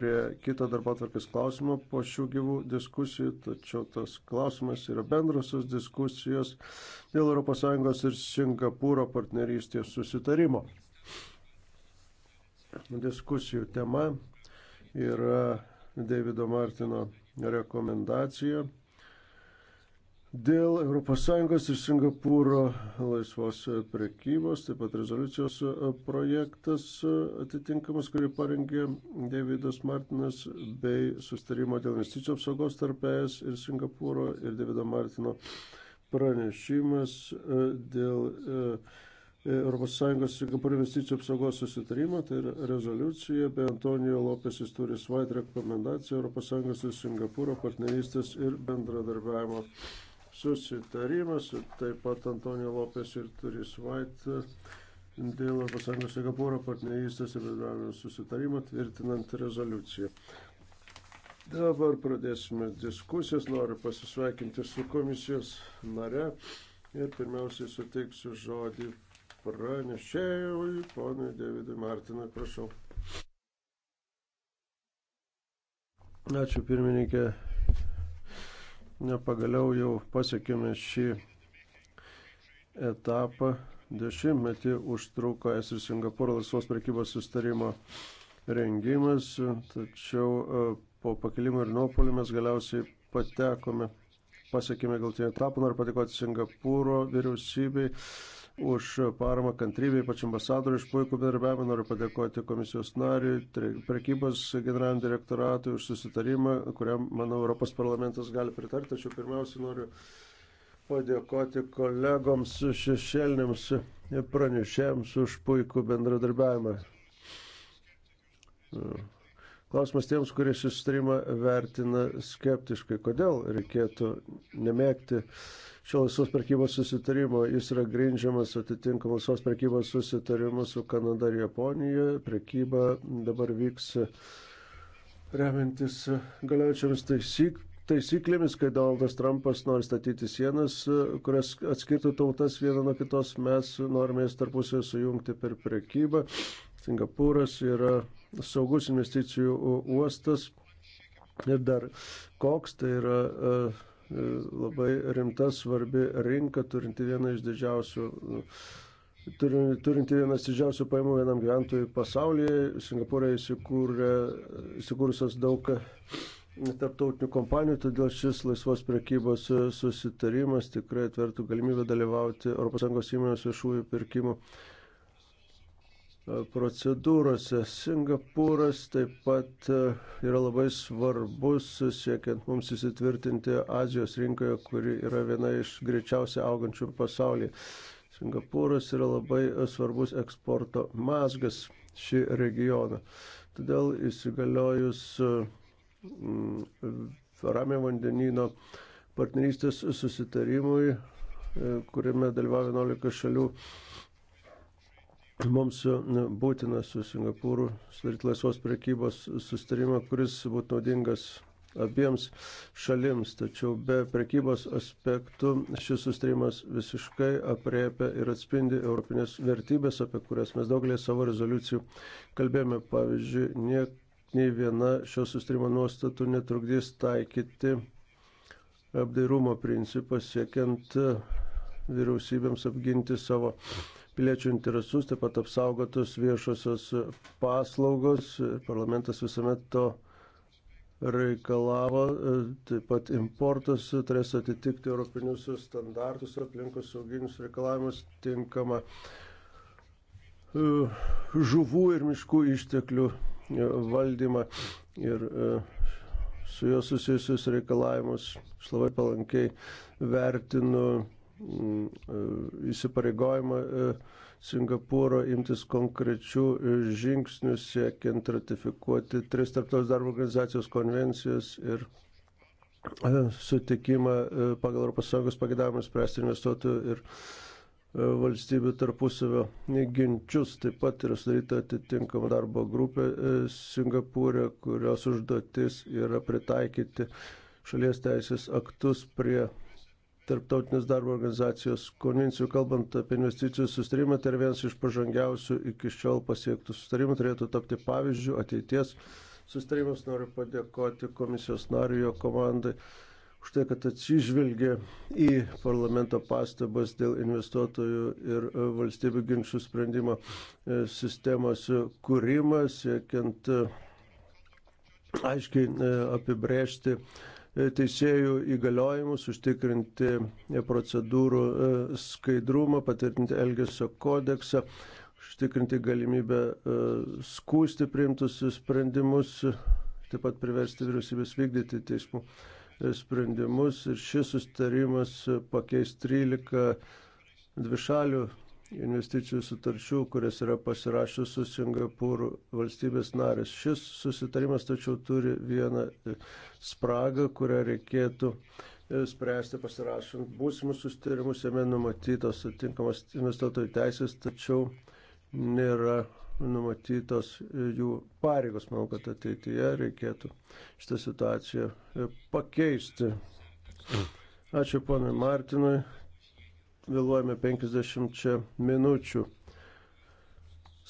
prie kito darbo atvarkės klausimo po šių gyvų diskusijų, tačiau tas klausimas yra bendrosios diskusijos dėl ES ir Singapūro partnerystės susitarimo. Diskusijų tema yra Davido Martino rekomendacija dėl ES ir Singapūro laisvos prekybos, taip pat rezoliucijos projektas atitinkamas, kurį parengė Davidas Martinas, bei sustarimo dėl investicijų apsaugos tarp ES ir Singapūro ir Davido Martino pranešimas e, dėl e, ES Singapūro investicijų apsaugos susitarimo, tai yra rezoliucija, bei Antonijo Lopesis turi svait rekomendaciją ES ir Singapūro partnerystės ir bendradarbiavimo susitarimas, taip pat Antonija Lopes ir Turis Vait dėl ES Singapūro partnerystės ir bendravimo susitarimo tvirtinant rezoliuciją. Dabar pradėsime diskusijas. Noriu pasisveikinti su komisijos nare ir pirmiausiai suteiksiu žodį pranešėjui, ponui Davidui Martinui, prašau. Ačiū pirmininkė, Nepagaliau jau pasiekėme šį etapą. Dešimtmetį užtruko es ir Singapūro laisvos prekybos sustarimo rengimas, tačiau e, po pakilimo ir nuopolių mes galiausiai patekome, pasiekėme galtinį etapą. Noriu patikoti Singapūro vyriausybei už paramą kantrybę, ypač ambasadoriui iš puikų bendarbiavimą. Noriu padėkoti komisijos nariui, prekybos generaliniam direktoratui už susitarimą, kuriam, manau, Europos parlamentas gali pritarti. Tačiau pirmiausia, noriu padėkoti kolegoms šešėlėms pranešėjams už puikų bendradarbiavimą. Ja. Klausimas tiems, kurie susitarimą vertina skeptiškai, kodėl reikėtų nemėgti šio laisvos prekybos susitarimo. Jis yra grindžiamas atitinkamus laisvos prekybos susitarimu su Kanada ir Japonija. Prekyba dabar vyks remiantis galiojančiamis taisyk, taisyklėmis, kai Donaldas Trumpas nori statyti sienas, kurias atskirtų tautas vieną nuo kitos, mes norime jas tarpusėje sujungti per prekybą. Singapūras yra saugus investicijų uostas ir dar koks, tai yra e, e, labai rimta, svarbi rinka, turinti vieną iš didžiausių e, turinti vienas didžiausių paimų vienam gyventojui pasaulyje. Singapūrė įsikūrė, įsikūrusios daug tarptautinių kompanijų, todėl šis laisvos prekybos susitarimas tikrai atvertų galimybę dalyvauti ES įmonės viešųjų pirkimų procedūrose. Singapūras taip pat e, yra labai svarbus, siekiant mums įsitvirtinti Azijos rinkoje, kuri yra viena iš greičiausiai augančių pasaulyje. Singapūras yra labai svarbus eksporto mazgas šį regioną. Todėl įsigaliojus e, Ramė vandenino partnerystės susitarimui, e, kuriame dalyvavo 11 šalių mums būtina su Singapūru sudaryti laisvos prekybos sustarimą, kuris būtų naudingas abiems šalims. Tačiau be prekybos aspektų šis sustarimas visiškai apriepia ir atspindi europinės vertybės, apie kurias mes daugelį savo rezoliucijų kalbėjome. Pavyzdžiui, nie, nei viena šio sustarimo nuostatų netrukdys taikyti apdairumo principą siekiant vyriausybėms apginti savo piliečių interesus, taip pat apsaugotos viešosios paslaugos. Parlamentas visuomet to reikalavo, taip pat importas turės atitikti europinius standartus, aplinkos sauginius reikalavimus, tinkamą e, žuvų ir miškų išteklių e, valdymą ir e, su juo susijusius reikalavimus. Aš labai palankiai vertinu Mm, e, įsipareigojimą e, Singapūro imtis konkrečių e, žingsnių siekiant ratifikuoti tris tarptautinės darbo organizacijos konvencijas ir sutikimą pagal ES pagėdavimą spręsti investuotojų ir valstybių tarpusavio ginčius. Taip pat yra sudaryta atitinkama darbo grupė Singapūrė, kurios užduotis yra pritaikyti šalies teisės aktus prie Tarptautinės darbo organizacijos konvencijų, kalbant apie investicijų sustarimą, tai yra vienas iš pažangiausių iki šiol pasiektų sustarimų, turėtų tapti pavyzdžių ateities sustarimus. Noriu padėkoti komisijos nariu, jo komandai už tai, kad atsižvelgė į parlamento pastabas dėl investuotojų ir valstybių ginčių sprendimo e, sistemos kūrimą, siekiant e, aiškiai e, apibrėžti E, teisėjų įgaliojimus, užtikrinti e, procedūrų e, skaidrumą, patvirtinti Elgesio kodeksą, užtikrinti galimybę skūsti priimtus sprendimus, taip pat priversti vyriausybės vykdyti teismų sprendimus. Ir šis sustarimas pakeis 13 dvišalių investicijų sutarčių, kurias yra pasirašęs su Singapūru valstybės narės. Šis susitarimas tačiau turi vieną e, spragą, kurią reikėtų e, spręsti pasirašant būsimus susitarimus, jame numatytos atitinkamas investuotojų teisės, tačiau nėra numatytos e, jų pareigos. Manau, kad ateityje reikėtų šitą situaciją pakeisti. Ačiū ponui Martinui vėluojame 50 minučių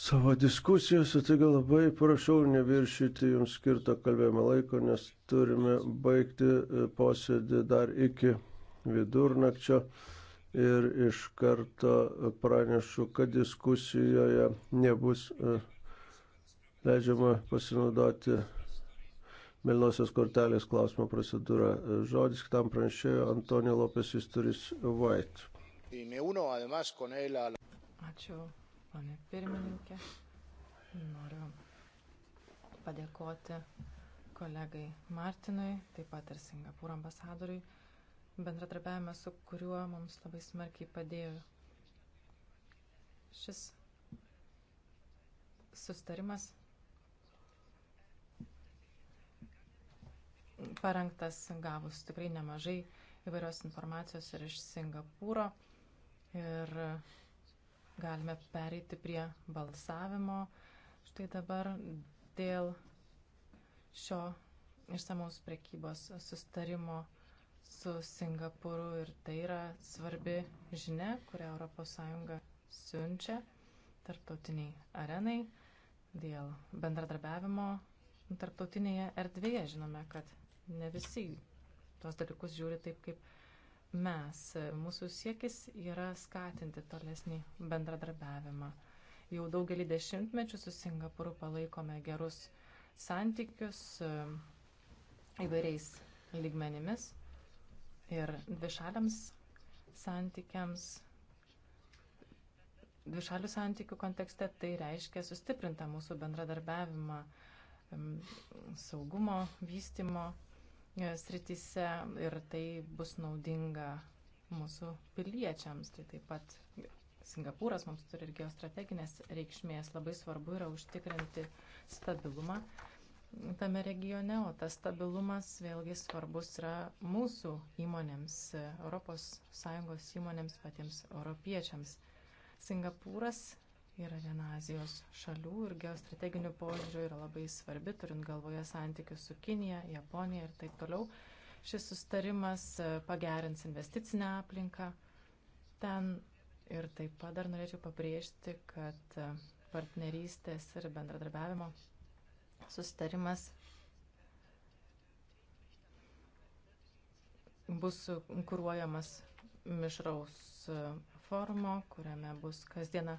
savo diskusijose, taigi labai prašau neviršyti jums skirto kalbėjimo laiko, nes turime baigti e, posėdį dar iki vidurnakčio ir iš karto pranešu, kad diskusijoje nebus e, leidžiama pasinaudoti Melnosios kortelės klausimo procedūra. E, žodis kitam pranešėjo Antonio Lopesis Turis White. Ačiū, ponė pirmininkė. Noriu padėkoti kolegai Martinui, taip pat ir Singapūro ambasadoriui, bendradarbiavimas su kuriuo mums labai smarkiai padėjo. Šis sustarimas parengtas gavus tikrai nemažai įvairios informacijos ir iš Singapūro. Ir galime pereiti prie balsavimo. Štai dabar dėl šio išsamaus prekybos sustarimo su Singapūru ir tai yra svarbi žinia, kurią ES siunčia tarptautiniai arenai dėl bendradarbiavimo tarptautinėje erdvėje. Žinome, kad ne visi tuos dalykus žiūri taip, kaip mes. Mūsų siekis yra skatinti tolesnį bendradarbiavimą. Jau daugelį dešimtmečių su Singapūru palaikome gerus santykius e, įvairiais lygmenimis ir dvišaliams santykiams. Dvišalių santykių kontekste tai reiškia sustiprintą mūsų bendradarbiavimą saugumo, vystimo E, sritise ir tai bus naudinga mūsų piliečiams. Tai taip pat Singapūras mums turi ir geostrateginės reikšmės. Labai svarbu yra užtikrinti stabilumą tame regione, o tas stabilumas vėlgi svarbus yra mūsų įmonėms, ES įmonėms, patiems europiečiams. Singapūras yra viena Azijos šalių ir geostrateginių požiūrių yra labai svarbi, turint galvoje santykius su Kinija, Japonija ir taip toliau. Šis sustarimas e, pagerins investicinę aplinką ten ir taip pat dar norėčiau pabrėžti, kad e, partnerystės ir bendradarbiavimo sustarimas bus kuruojamas mišraus e, formo, kuriame bus kasdieną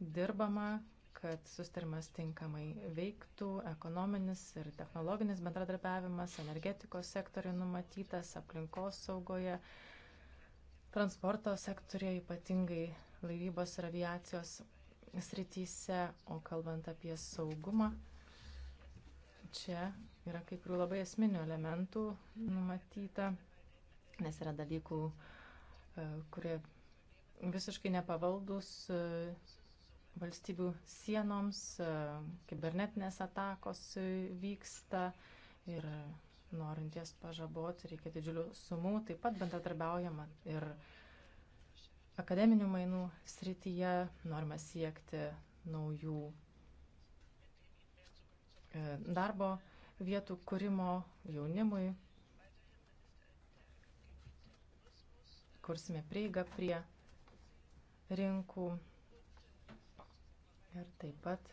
dirbama, kad sustarimas tinkamai veiktų, ekonominis ir technologinis bendradarbiavimas, energetikos sektoriai numatytas, aplinkos saugoje, transporto sektorėje, ypatingai laivybos ir aviacijos srityse, o kalbant apie saugumą, čia yra kaip ir labai esminių elementų numatyta, nes yra dalykų, e, kurie visiškai nepavaldus e, valstybių sienoms, e, kibernetinės atakos vyksta ir norint jas pažaboti reikia didžiulių sumų, taip pat bendradarbiaujama ir akademinių mainų srityje norime siekti naujų e, darbo vietų kūrimo jaunimui. Kursime prieigą prie rinkų Ir taip pat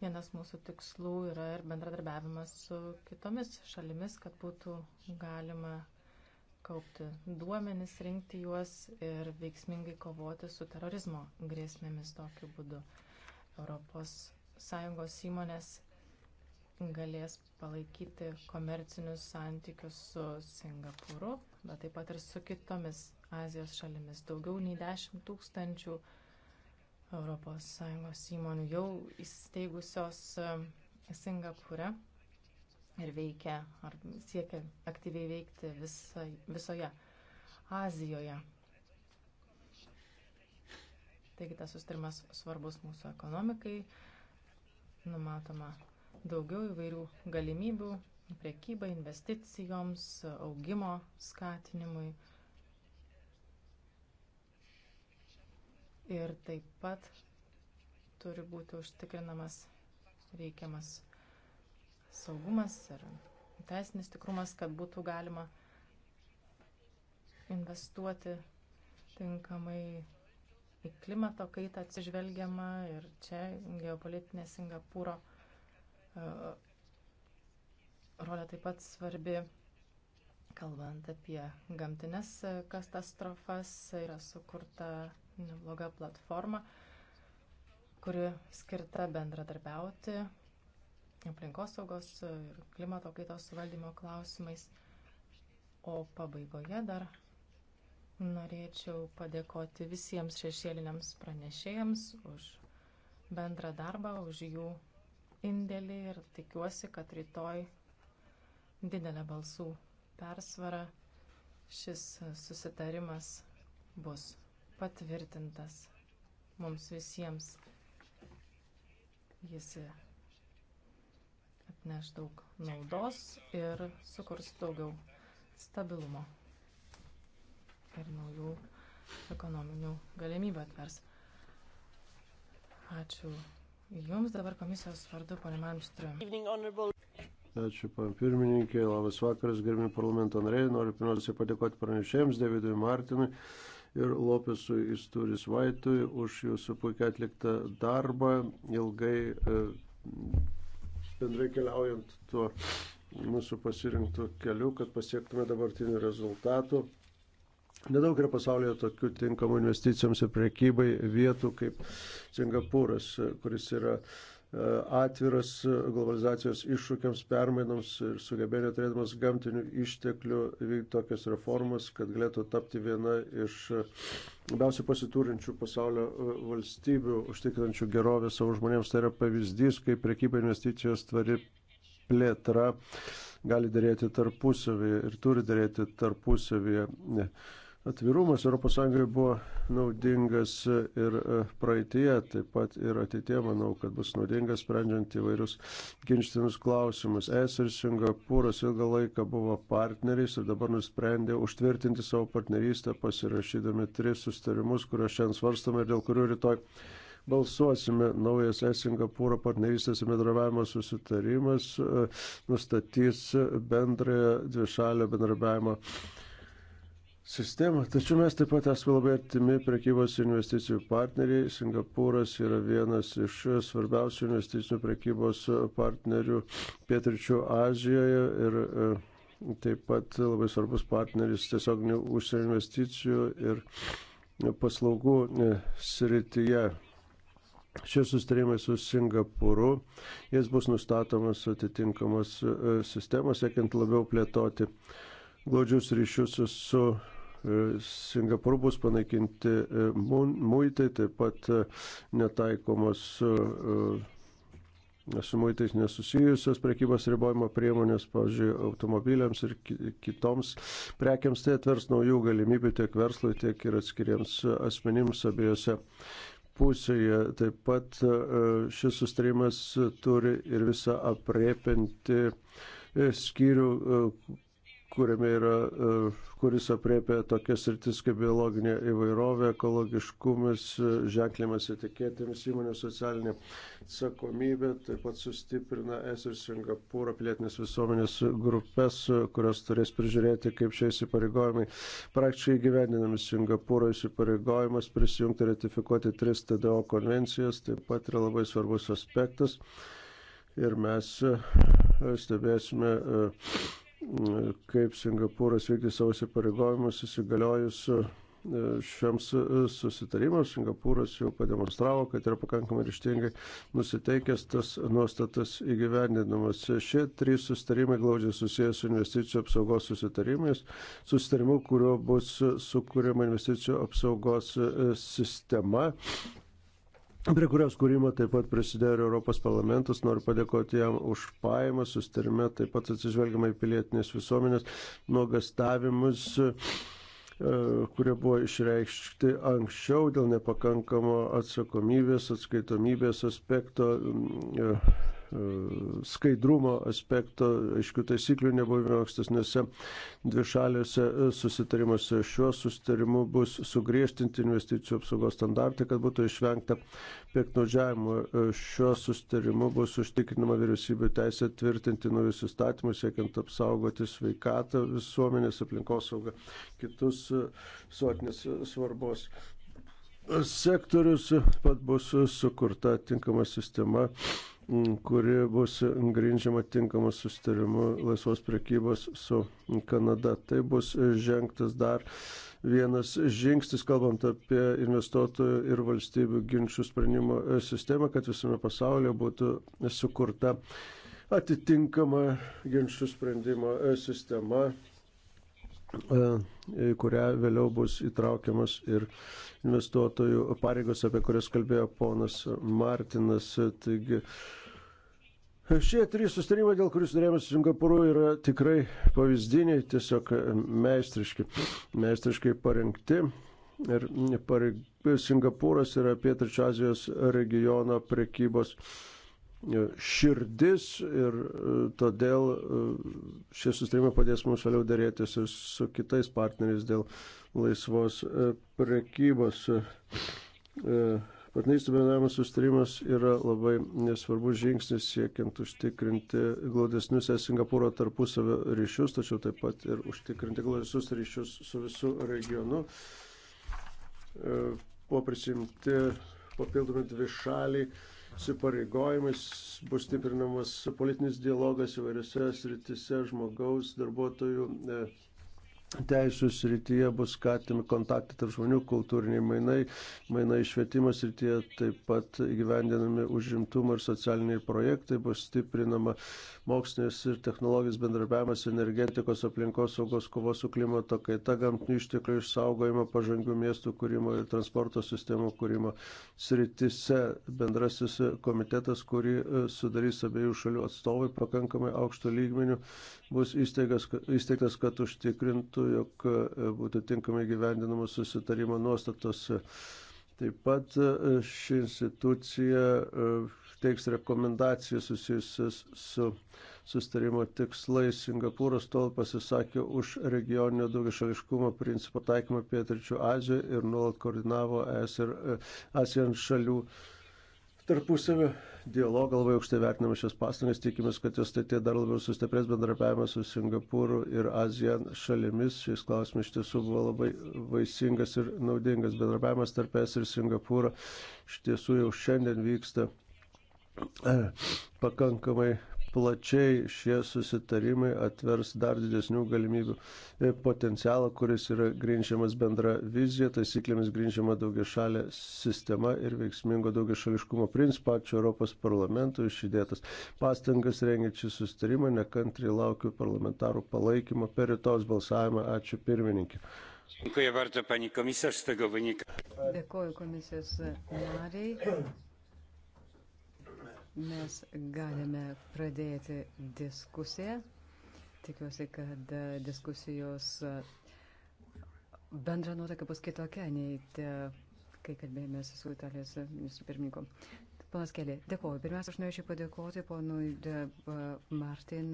vienas mūsų tikslų yra ir bendradarbiavimas su kitomis šalimis, kad būtų galima kaupti duomenis, rinkti juos ir veiksmingai kovoti su terorizmo grėsmėmis tokiu būdu. ES įmonės galės palaikyti komercinius santykius su Singapūru, bet taip pat ir su kitomis Azijos šalimis. Daugiau nei 10 tūkstančių 000 ES įmonių jau įsteigusios e, Singapūre ir veikia ar siekia aktyviai veikti visai, visoje Azijoje. Taigi tas sustarimas svarbus mūsų ekonomikai, numatoma daugiau įvairių galimybių prekybai, investicijoms, augimo skatinimui. ir taip pat turi būti užtikrinamas reikiamas saugumas ir teisinis tikrumas, kad būtų galima investuoti tinkamai į klimato kaitą atsižvelgiama ir čia geopolitinė Singapūro uh, rolė taip pat svarbi, kalbant apie gamtinės katastrofas, yra sukurta nebloga platforma, kuri skirta bendradarbiauti aplinkosaugos ir klimato kaitos valdymo klausimais. O pabaigoje dar norėčiau padėkoti visiems šešėliniams pranešėjams už bendrą darbą, už jų indėlį ir tikiuosi, kad rytoj didelę balsų persvarą šis susitarimas bus patvirtintas mums visiems. Jis atneš daug naudos ir sukurs daugiau stabilumo ir naujų ekonominių galimybių atvers. Ačiū Jums dabar komisijos vardu, ponė Malmström. Ačiū, pan pirmininkė, labas vakaras, gerbimi parlamento nariai. Noriu pirmiausiai padėkoti pranešėjams, Davidui Martinui ir Lopesui Isturis Vaitui už jūsų puikiai atliktą darbą, ilgai e, bendrai keliaujant tuo mūsų pasirinktų keliu, kad pasiektume dabartinių rezultatų. Nedaug yra pasaulyje tokių tinkamų investicijoms ir priekybai vietų kaip Singapūras, kuris yra uh, E, atviras globalizacijos iššūkiams, permainoms ir sugebėjo turėdamas gamtinių išteklių vykdyti tokias reformas, kad galėtų tapti viena iš labiausiai pasiturinčių pasaulio e, valstybių, užtikrinančių gerovę savo žmonėms. Tai yra pavyzdys, kaip prekyba investicijos tvari plėtra gali dėrėti tarpusavį ir turi dėrėti tarpusavį. Ne atvirumas ES buvo naudingas ir e, praeitie, taip pat ir ateitie, manau, kad bus naudingas sprendžiant įvairius ginčtinus klausimus. Es ir Singapūras ilgą laiką buvo partneriais ir dabar nusprendė užtvirtinti savo partnerystę, pasirašydami tris sustarimus, kuriuos šiandien svarstame ir dėl kurių rytoj. Balsuosime naujas Es Singapūro partnerystės ir bendravimo susitarimas, e, nustatys bendrąją dvišalę bendravimo sistemą. Tačiau mes taip pat esame labai artimi prekybos investicijų partneriai. Singapūras yra vienas iš svarbiausių investicinių prekybos partnerių Pietričių Azijoje ir e, taip pat labai svarbus partneris tiesioginių užsienio investicijų ir paslaugų e, srityje. Šie sustarimai su Singapūru, jis bus nustatomas atitinkamos e, sistemos, siekiant labiau plėtoti glaudžius ryšius su E, Singapūrų bus panaikinti e, muitai, taip pat e, netaikomos su muitais nesusijusios prekybos ribojimo priemonės, pavyzdžiui, automobiliams ir kitoms prekiams, tai atvers naujų galimybių tiek verslui, tiek ir atskiriems asmenims abiejose pusėje. Taip pat šis sustarimas turi ir visą apriepinti skyrių, kuriame yra, e, kuris apriepia tokias rytis kaip biologinė įvairovė, ekologiškumas, e, ženklimas etiketėmis, įmonės socialinė atsakomybė, taip pat sustiprina Es ir Singapūro pilietinės visuomenės grupės, e, kurios turės prižiūrėti, kaip šie įsipareigojimai praktiškai gyvendinami. Singapūro įsipareigojimas prisijungti ir ratifikuoti tris TDO konvencijas taip pat yra labai svarbus aspektas. Ir mes stebėsime uh, kaip Singapūras vykdys savo įsipareigojimus įsigaliojus e, šiams e, susitarimams. Singapūras jau pademonstravo, kad yra pakankamai ryštingai nusiteikęs tas nuostatas įgyvendinamas. Šie trys susitarimai glaudžiai susijęs su investicijų apsaugos susitarimais, susitarimu, kuriuo bus sukūrima investicijų apsaugos e, sistema prie kurios kūrimo taip pat prisidėjo ir Europos parlamentas. Noriu padėkoti jam už paėmą, sustarime taip pat atsižvelgiamai pilietinės visuomenės nuogastavimus e, kurie buvo išreikšti anksčiau dėl nepakankamo atsakomybės, atskaitomybės aspekto e, E, skaidrumo aspekto, aiškių taisyklių nebuvimo ankstesnėse dvišalėse e, susitarimuose. Šiuo susitarimu bus sugriežtinti investicijų apsaugos standartai, kad būtų išvengta pieknaudžiavimo. E, šiuo susitarimu bus užtikrinama vyriausybių teisė tvirtinti naujus įstatymus, siekiant apsaugoti sveikatą visuomenės, aplinkosaugą, kitus suotinės svarbos sektorius, pat bus sukurta tinkama sistema kuri bus grindžiama tinkamu sustarimu laisvos prekybos su Kanada. Tai bus žengtas dar vienas žingsnis, kalbant apie investuotojų ir valstybių ginčių sprendimo sistemą, kad visame pasaulyje būtų sukurta atitinkama ginčių sprendimo sistema E, į kurią vėliau bus įtraukiamas ir investuotojų pareigos, apie kurias kalbėjo ponas Martinas. Taigi, Šie trys sustarimai, dėl kurių sudarėmės su Singapūru, yra tikrai pavyzdiniai, tiesiog meistriški, meistriškai parengti. Ir Singapūras yra Pietričio Azijos regiono prekybos širdis ir e, todėl e, šie sustarimai padės mums vėliau dėrėtis ir su kitais partneriais dėl laisvos e, prekybos. Partnerystė bendravimas sustarimas yra labai nesvarbus žingsnis siekiant užtikrinti glaudesnius Singapūro tarpusavio ryšius, tačiau taip pat ir užtikrinti glaudesnius ryšius su visu regionu. Buvo prisimti papildomi dvi šaliai įsipareigojimais, bus stiprinamas politinis dialogas įvairiose sritise žmogaus, darbuotojų e, teisų srityje bus skatinami kontaktai tarp žmonių, kultūriniai mainai, mainai švietimo srityje, taip pat gyvendinami užimtumo ir socialiniai projektai, bus stiprinama mokslinės ir technologijos bendrabiavimas, energetikos, aplinkos saugos, kovos su klimato kaita, gamtinių išteklių išsaugojimo, pažangių miestų kūrimo ir transporto sistemų kūrimo srityse. Bendrasis komitetas, kurį e, sudarys abiejų šalių atstovai pakankamai aukšto lygmenių, bus įsteigtas, kad užtikrintų reikėtų, jog e, būtų tinkamai gyvendinamos susitarimo nuostatos. Taip pat e, ši institucija e, teiks rekomendacijas susijusias su sustarimo tikslais. Singapūras tol pasisakė už regioninio daugiašališkumo principą taikymą Pietričių Azijoje ir nuolat koordinavo ES ir ASEAN šalių tarpusavio dialogą, labai aukštai vertiname šias pastangas, tikimės, kad jos ateitie dar labiau sustiprės bendrapiavimą su Singapūru ir ASEAN šalimis. Šis klausimas iš tiesų buvo labai vaisingas ir naudingas. Bendrapiavimas tarp es ir Singapūro iš tiesų jau šiandien vyksta eh, pakankamai plačiai šie susitarimai atvers dar didesnių galimybių e, potencialą, kuris yra grindžiamas bendra vizija, taisyklėmis grindžiama daugia šalė sistema ir veiksmingo daugia šališkumo principą. Ačiū Europos parlamentui išidėtas pastangas rengiančių susitarimą, nekantriai laukiu parlamentarų palaikymo per rytos balsavimą. Ačiū pirmininkė. Dziękuję bardzo pani komisarz z tego wynika. Dėkuoju komisijos nariai mes galime pradėti diskusiją. Tikiuosi, kad diskusijos e, bendra nuotaka bus kitokia nei te, kai kalbėjome su Italijos ministru pirmininku. Panas Kelė, dėkuoju. Pirmiausia, aš norėčiau padėkoti ponui e, Martin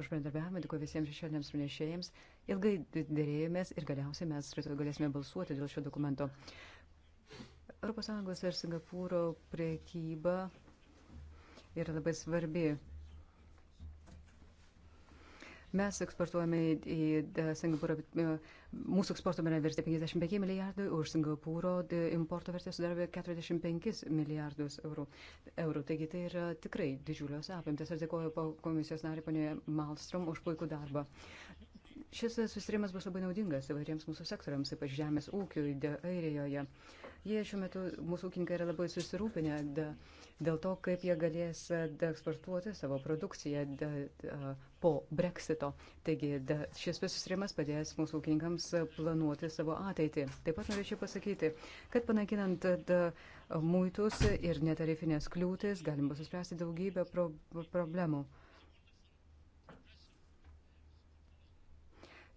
už bendarbiavimą, dėkuoju visiems šešėliniams pranešėjams. Ilgai dėrėjomės ir galiausiai mes galėsime balsuoti dėl šio dokumento. ES ir Singapūro priekyba yra labai svarbi. Mes eksportuojame į Singapūrą, mūsų eksporto bendra vertė 55 milijardai, už Singapūro importo vertė sudaro 45 milijardus eurų. eurų. Taigi tai yra tikrai didžiulios apimtis. Aš dėkoju komisijos nariai panėje Malstrom už puikų darbą. Šis susirimas bus labai naudingas įvairiems mūsų sektoriams, ypač žemės ūkiui Airijoje. Jie šiuo metu mūsų ūkininkai yra labai susirūpinę. De, dėl to, kaip jie galės e, eksportuoti savo produkciją da, da, po breksito. Taigi da, šis susirimas padės mūsų ūkininkams e, planuoti savo ateitį. Taip pat norėčiau pasakyti, kad panaikinant da, muitus ir netarifinės kliūtis galima suspręsti daugybę pro, problemų.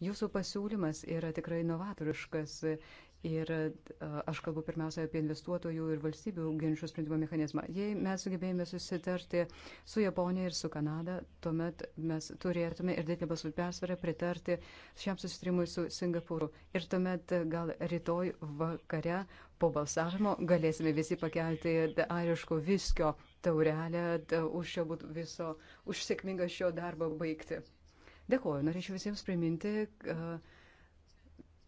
Jūsų pasiūlymas yra tikrai novatoriškas Ir aš kalbu pirmiausia apie investuotojų ir valstybių ginčių sprendimo mechanizmą. Jei mes sugebėjome susitarti su Japonija ir su Kanada, tuomet mes turėtume ir didelį balsų persvarą pritarti šiam susitarimui su Singapūru. Ir tuomet gal rytoj vakare po balsavimo galėsime visi pakelti airiško viskio taurelę už, viso, už sėkmingą šio darbo baigti. Dėkuoju, norėčiau visiems priminti. Uh,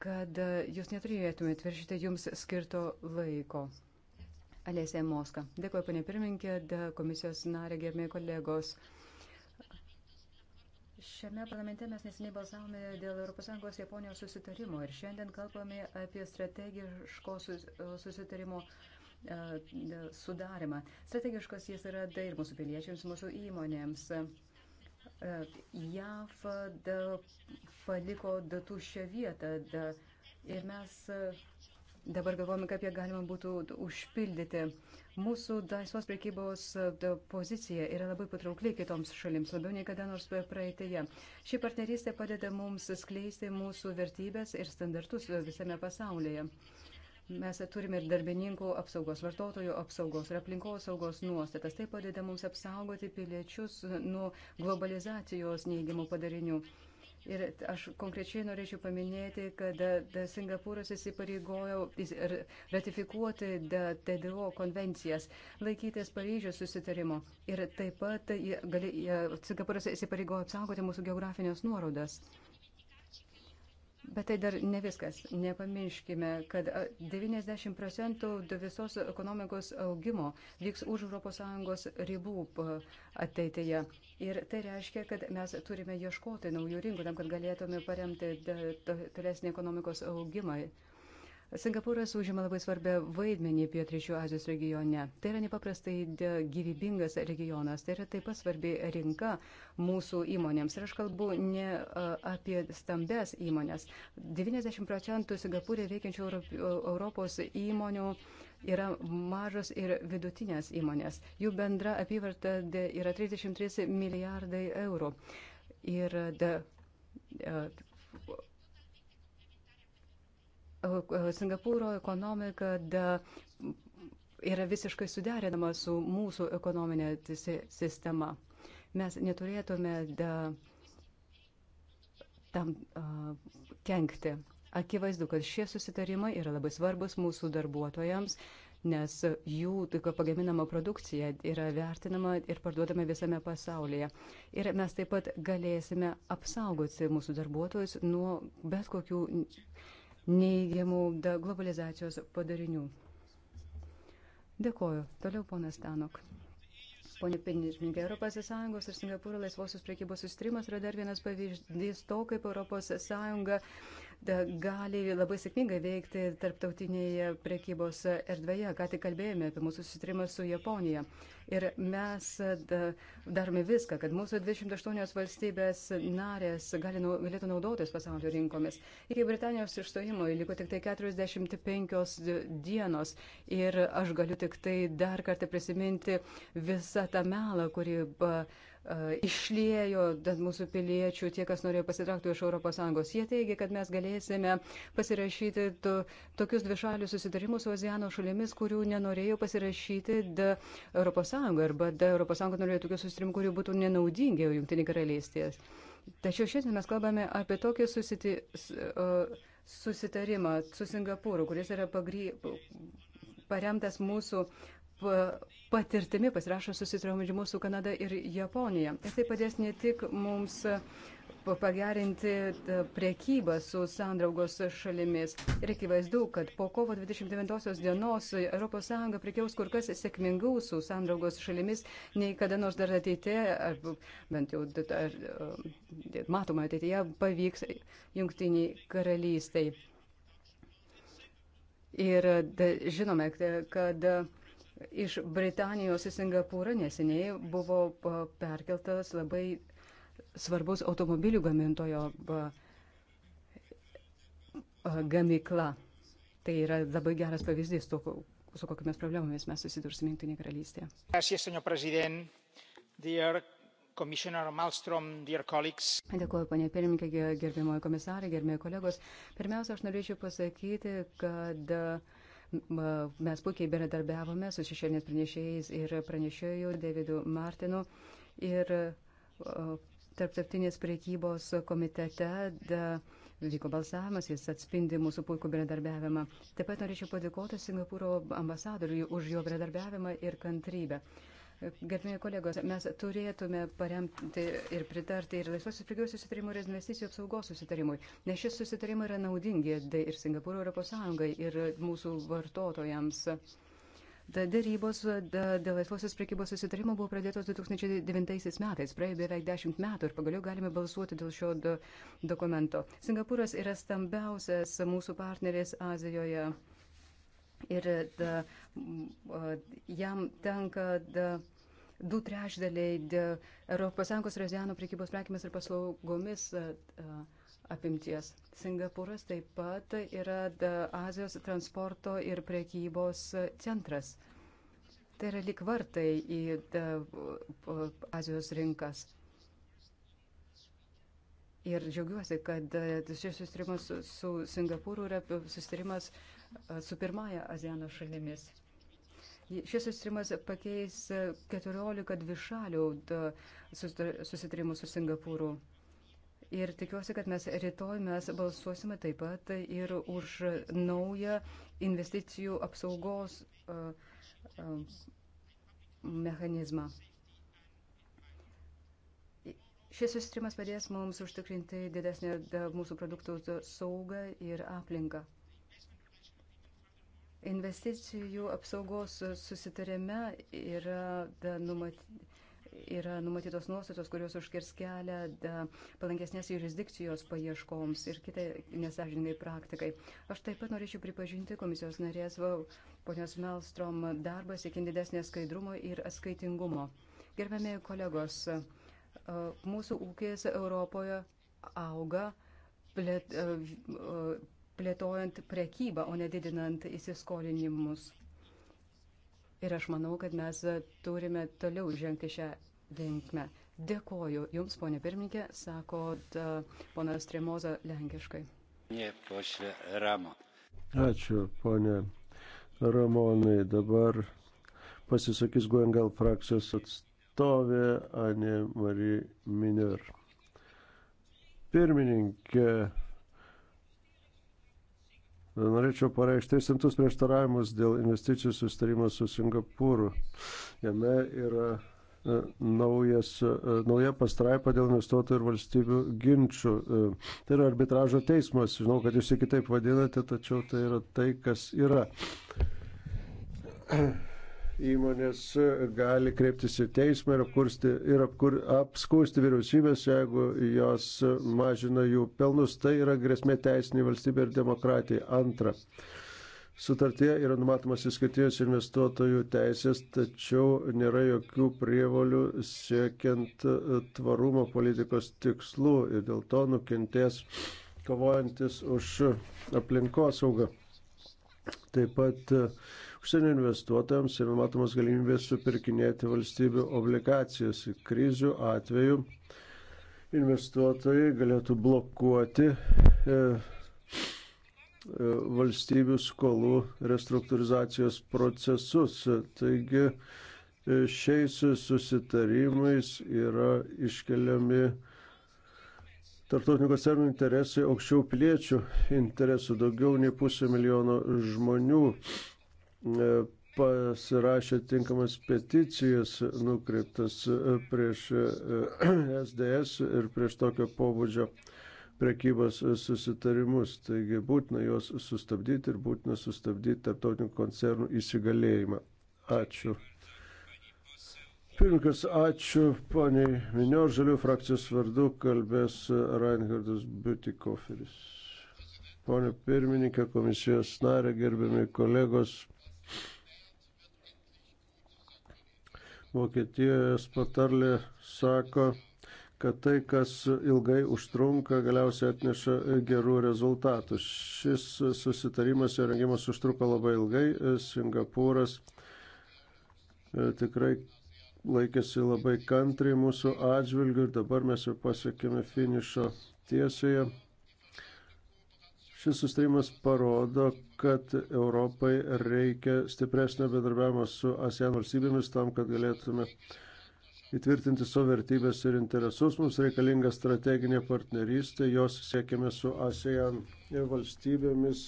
kad e, jūs neturėtumėt viršyti jums skirto laiko. Alėsė Moska. Dėkuoju, panė pirmininkė, komisijos narė, gerbėjai kolegos. Šiame parlamente mes nesiniai balsavome dėl ES Japonijos susitarimo ir šiandien kalbame apie strategiško e, susitarimo e, sudarimą. Strategiškas jis yra tai ir mūsų piliečiams, mūsų įmonėms. E, JAV da, paliko datušę vietą da, ir mes e, dabar galvojame, kaip ją galima būtų užpildyti. Mūsų daisvos prekybos pozicija yra labai patraukli kitoms šalims, labiau nei kada nors praeitėje. Ši partnerystė padeda mums skleisti mūsų vertybės ir standartus visame pasaulyje. Mes turime ir darbininkų apsaugos, vartotojų apsaugos ir aplinkos saugos nuostatas. Tai padeda mums apsaugoti piliečius nuo globalizacijos neįgimų padarinių. Ir aš konkrečiai norėčiau paminėti, kad e, Singapūras įsipareigojo ratifikuoti TDO konvencijas, laikytis Paryžiaus susitarimo. Ir taip pat e, e, Singapūras įsipareigojo apsaugoti mūsų geografinės nuorodas. Bet tai dar ne viskas. Nepamirškime, kad 90 procentų visos ekonomikos augimo vyks už ES ribų ateityje. Ir tai reiškia, kad mes turime ieškoti naujų rinkų tam, kad galėtume paremti tolesnį ekonomikos augimą. Singapūras užima labai svarbę vaidmenį Pietričių Azijos regione. Tai yra nepaprastai gyvybingas regionas, tai yra taip pat svarbi rinka mūsų įmonėms. Ir aš kalbu ne apie stambes įmonės. 90 procentų Singapūrė veikiančių Europos įmonių yra mažos ir vidutinės įmonės. Jų bendra apyvarta yra 33 milijardai eurų. Ir de, de, Singapūro ekonomika yra visiškai suderinama su mūsų ekonominė sistema. Mes neturėtume da, tam uh, kenkti. Akivaizdu, kad šie susitarimai yra labai svarbus mūsų darbuotojams, nes jų tik pagaminama produkcija yra vertinama ir parduodama visame pasaulyje. Ir mes taip pat galėsime apsaugoti mūsų darbuotojus nuo bet kokių neįgiamų globalizacijos padarinių. Dėkoju. Toliau ponas Tanok. Pone Pirmininkė, Europos Sąjungos ir Singapūro laisvosios priekybos sustrimas yra dar vienas pavyzdys to, kaip Europos Sąjunga uh, gali labai sėkmingai veikti tarptautinėje prekybos erdvėje. Ką tik kalbėjome apie mūsų susitrimą su Japonija. Ir mes darome viską, kad mūsų 28 valstybės narės gali, galėtų naudotis pasaulio rinkomis. Iki Britanijos išstojimo liko tik tai 45 dienos. Ir aš galiu tik tai dar kartą prisiminti visą tą melą, kurį. Uh, E, išlėjo mūsų piliečių, tie, kas norėjo pasitraukti iš ES. Jie teigia, kad mes galėsime pasirašyti to, tokius dvišalius susidarimus su Azijano šalimis, kurių nenorėjo pasirašyti ES arba ES norėjo tokius susitarimus, kurių būtų nenaudingi Junktinė karalystės. Tačiau šiandien mes kalbame apie tokį susiti, susitarimą su Singapūru, kuris yra pagry, paremtas mūsų patirtimi pasirašo susitraumimus su Kanada ir Japonija. Ir tai padės ne tik mums pagerinti e, priekybą su sandraugos šalimis. Ir akivaizdu, kad po kovo 29 dienos ES prekiaus kur kas sėkmingiau su sandraugos šalimis nei kada nors dar ateitie, ar bent jau ar, e, matoma ateityje, pavyks jungtiniai karalystiai. Ir e, da, žinome, kad iš Britanijos į Singapūrą neseniai buvo perkeltas labai svarbus automobilių gamintojo gamykla. Tai yra labai geras pavyzdys to, su kokiamis problemomis mes susidursime Junktinėje karalystėje. Dėkuoju, panė pirmininkė, gerbimoji komisarė, gerbimoji kolegos. Pirmiausia, aš norėčiau pasakyti, kad uh, Mes puikiai bendradarbiavome su šešėlinės pranešėjais ir pranešėjų Davidu Martinu ir tarptautinės priekybos komitete. Da, vyko balsavimas, jis atspindi mūsų puikų bendradarbiavimą. Taip pat norėčiau padėkoti Singapūro ambasadoriui už jo bendradarbiavimą ir kantrybę. Gerbėjai kolegos, mes turėtume paremti ir pritarti ir laisvosios prigijos susitarimui, ir investicijų apsaugos susitarimui, nes šis susitarimai yra naudingi ir Singapūro Europos Sąjungai, ir mūsų vartotojams. Darybos dėl laisvosios prekybos susitarimo buvo pradėtos 2009 metais, praėjo beveik 10 metų ir pagaliau galime balsuoti dėl šio do, dokumento. Singapūras yra stambiausias mūsų partneris Azijoje ir da, jam tenka da, du trešdaliai ES rezienų prekybos prekiamis ir paslaugomis apimties. Singapūras taip pat yra Azijos transporto ir prekybos centras. Tai yra likvartai į Azijos rinkas. Ir džiaugiuosi, kad šis susitarimas su Singapūru yra susitarimas su pirmąja Azijano šalimis. Šis susitarimas pakeis 14 dvišalių susitarimų su Singapūru. Ir tikiuosi, kad mes rytoj mes balsuosime taip pat ir už naują investicijų apsaugos mechanizmą. Šis susitarimas padės mums užtikrinti didesnį mūsų produktų saugą ir aplinką. Investicijų apsaugos susitarime yra, numaty, yra numatytos nuostatos, kurios užkirs kelią palankesnės jurisdikcijos paieškoms ir kitai nesažininkai praktikai. Aš taip pat norėčiau pripažinti komisijos narės ponios Melstrom darbą siekiant didesnės skaidrumo ir atskaitingumo. Gerbėmi kolegos, mūsų ūkis Europoje auga plėt, plėtojant prekybą, o nedidinant įsiskolinimus. Ir aš manau, kad mes turime toliau žengti šią linkmę. Dėkoju Jums, ponė pirmininkė, sako ponas Tremoza lenkiškai. Ačiū, ponė Ramonai. Dabar pasisakys Guengal frakcijos atstovė Anė Marija Miner. Pirmininkė, Norėčiau pareikšti rimtus prieštaravimus dėl investicijų sustarimo su Singapūru. Jame yra e, naujas, e, nauja pastraipa dėl investuotojų ir valstybių ginčių. E, tai yra arbitražo teismas, žinau, kad jūs jį kitaip vadinate, tačiau tai yra tai, kas yra įmonės gali kreiptis į teismą ir, apkursti, ir apkur, apskūsti vyriausybės, jeigu jos mažina jų pelnus. Tai yra grėsmė teisiniai valstybė ir demokratijai. Antra. Sutartie yra numatomas įskaitinės investuotojų teisės, tačiau nėra jokių prievolių siekiant e, tvarumo politikos tikslų ir dėl to nukentės kovojantis už aplinkosaugą. Taip pat e, Užsienio investuotojams yra matomas galimybė supirkinėti valstybių obligacijas. Krizių atveju investuotojai galėtų blokuoti e, e valstybių skolų restruktūrizacijos procesus. Taigi e, šiais susitarimais yra iškeliami tarptautinių koncernų interesai aukščiau piliečių interesų. Daugiau nei pusė milijono žmonių E, pasirašė tinkamas peticijas nukreiptas e, prieš e, SDS ir prieš tokio pobūdžio prekybos susitarimus. Taigi būtina juos sustabdyti ir būtina sustabdyti tarptautinių koncernų įsigalėjimą. Ačiū. Pirmininkas, ačiū poniai Minio Žalių frakcijos vardu, kalbės Reinhardas Butikoferis. Pone pirmininkė, komisijos narė, gerbiami kolegos, Vokietijos patarlė sako, kad tai, kas ilgai užtrunka, galiausiai atneša gerų rezultatų. Šis susitarimas ir rengimas užtruko labai ilgai. Singapūras e, tikrai laikėsi labai kantriai mūsų atžvilgių ir dabar mes jau pasiekėme finišo tiesėje. Šis sustarimas parodo, kad Europai reikia stipresnio bedarbiavimo su ASEAN valstybėmis tam, kad galėtume įtvirtinti savo vertybės ir interesus. Mums reikalinga strateginė partnerystė, jos siekiame su ASEAN valstybėmis,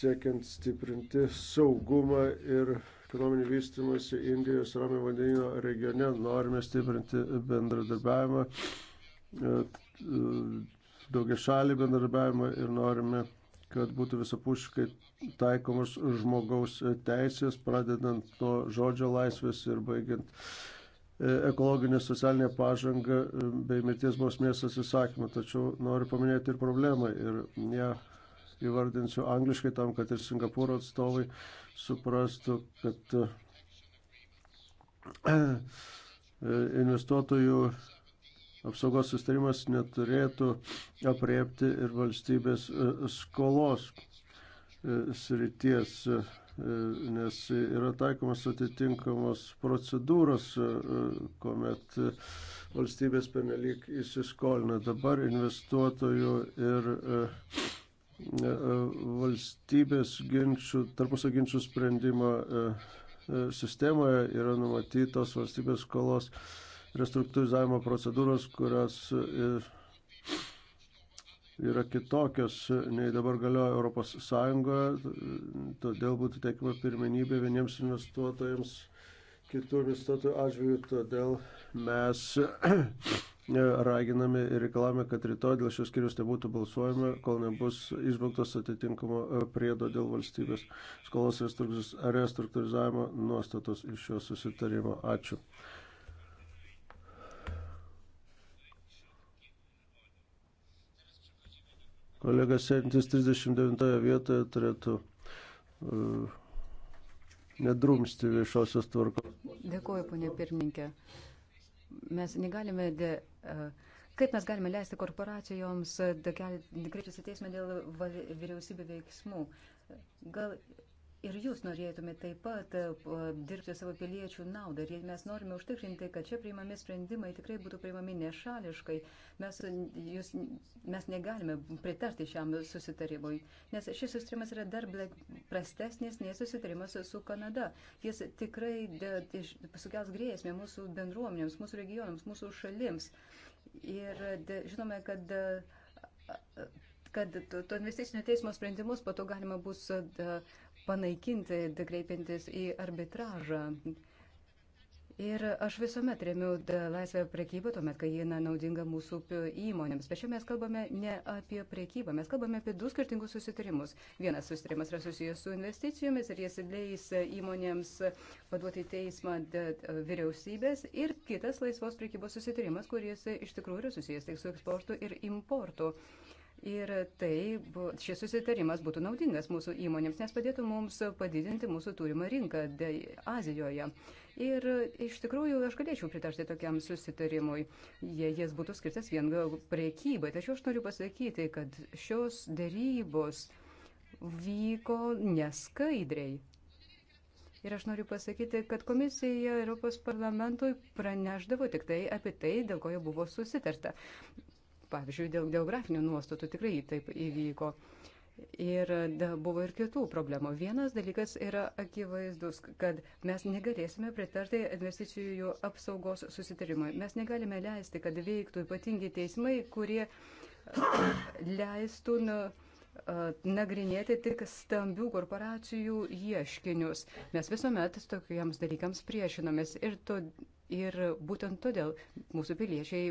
siekiant stiprinti saugumą ir ekonominį vystimąsi Indijos ramio vandenino regione. Norime stiprinti bendradarbiavimą daugia šalį bendarbiavimą ir norime, kad būtų visapuškai taikomas žmogaus teisės, pradedant nuo žodžio laisvės ir baigiant e, ekologinė socialinė pažanga e, bei mirties bausmės atsisakymą. Tačiau noriu paminėti ir problemą ir ją įvardinsiu angliškai tam, kad ir Singapūro atstovai suprastų, kad e, investuotojų apsaugos sustarimas neturėtų apriepti ir valstybės e, skolos e, srities, e, nes yra taikomas atitinkamos procedūros, kuomet valstybės penelyg įsiskolina dabar investuotojų ir valstybės ginčių, tarpusio ginčių sprendimo sistemoje yra numatytos valstybės skolos restruktūrizavimo procedūros, kurios e, yra kitokios nei dabar galioja Europos Sąjungoje, todėl būtų teikima pirmenybė vieniems investuotojams, kitų investuotojų atžvilgių, todėl mes e, raginame ir reikalame, kad rytoj dėl šios skirius nebūtų balsuojama, kol nebus išbaigtos atitinkamo e, priedo dėl valstybės skolos restruktūrizavimo nuostatos iš šio susitarimo. Ačiū. kolega sėdintis 39 vietoje turėtų uh, nedrumsti viešosios tvarkos. Dėkuoju, ponė pirmininkė. Mes negalime, de, uh, kaip mes galime leisti korporacijoms e, kreiptis į teismą dėl vyriausybė veiksmų? Gal Ir jūs norėtumėte taip pat e, dirbti savo piliečių naudą. Ir mes norime užtikrinti, kad čia priimami sprendimai tikrai būtų priimami nešališkai. Mes, jūs, mes negalime pritarti šiam susitarimui, nes šis susitarimas yra dar prastesnis nei susitarimas su Kanada. Jis tikrai sukels grėsmę mūsų bendruomenėms, mūsų regionams, mūsų šalims. Ir de, žinome, kad. De, kad to investicinio teismo sprendimus po to galima bus da, panaikinti, kreipiantis į arbitražą. Ir aš visuomet remiu laisvę prekybą, tuomet, kai ji na, naudinga mūsų įmonėms. Bet čia mes kalbame ne apie prekybą, mes kalbame apie du skirtingus susitarimus. Vienas susitarimas yra susijęs su investicijomis ir jis leis įmonėms paduoti į teismą vyriausybės. Ir kitas laisvos prekybos susitarimas, kuris iš tikrųjų yra susijęs tik su eksportu ir importu. Uh, Ir tai, šis susitarimas būtų naudingas mūsų įmonėms, nes padėtų mums padidinti mūsų turimą rinką Azijoje. Ir iš tikrųjų aš galėčiau pritarti tokiam susitarimui, jei jis būtų skirtas vien priekybai. Tačiau aš noriu pasakyti, kad šios dėrybos vyko neskaidriai. Ir aš noriu pasakyti, kad komisija Europos parlamentui praneždavo tik tai apie tai, dėl ko jau buvo susitarta. Pavyzdžiui, dėl geografinių nuostatų tikrai taip įvyko. Ir da, buvo ir kitų problemų. Vienas dalykas yra akivaizdus, kad mes negalėsime pritarti investicijų apsaugos susitarimui. Mes negalime leisti, kad veiktų ypatingi teismai, kurie uh, leistų nu, uh, nagrinėti tik stambių korporacijų ieškinius. Mes visuomet tokiems dalykams priešinomės ir, to, ir būtent todėl mūsų piliečiai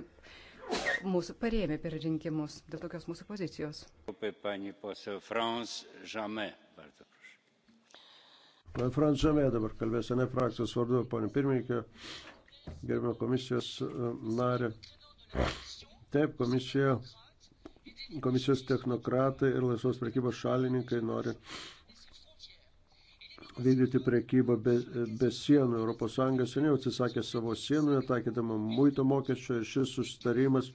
mūsų parėmė per rinkimus dėl tokios mūsų pozicijos. Frans Žemė dabar kalbės, ne frakcijos vardu, ponė pirmininkė, gerbimo komisijos e, narė. Taip, komisija, komisijos technokratai ir laisvos prekybos šalininkai nori vykdyti priekybą be, be sienų. ES seniau atsisakė savo sienų, netaikydama muito mokesčio ir šis sustarimas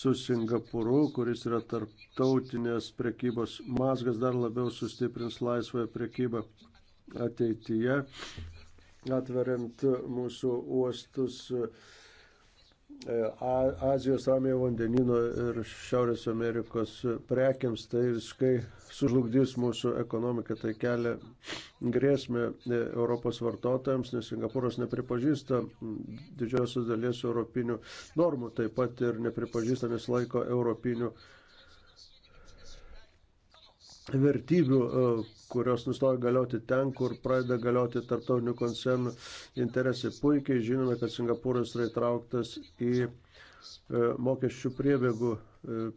su Singapūru, kuris yra tarptautinės priekybos mazgas, dar labiau sustiprins laisvąją priekybą ateityje, atveriant mūsų uostus. Uh, E, Azijos ramėjo vandenino ir Šiaurės Amerikos prekiams, tai visiškai sužlugdys mūsų ekonomiką, tai kelia grėsmę e, Europos vartotojams, nes Singapūras nepripažįsta didžiosios dalies europinių normų, taip pat ir nepripažįsta nesilaiko europinių normų vertybių, e, kurios nustoja galioti ten, kur pradeda galioti tarptautinių koncernų interesai. Puikiai žinome, kad Singapūras yra įtrauktas į e, mokesčių priebėgų e,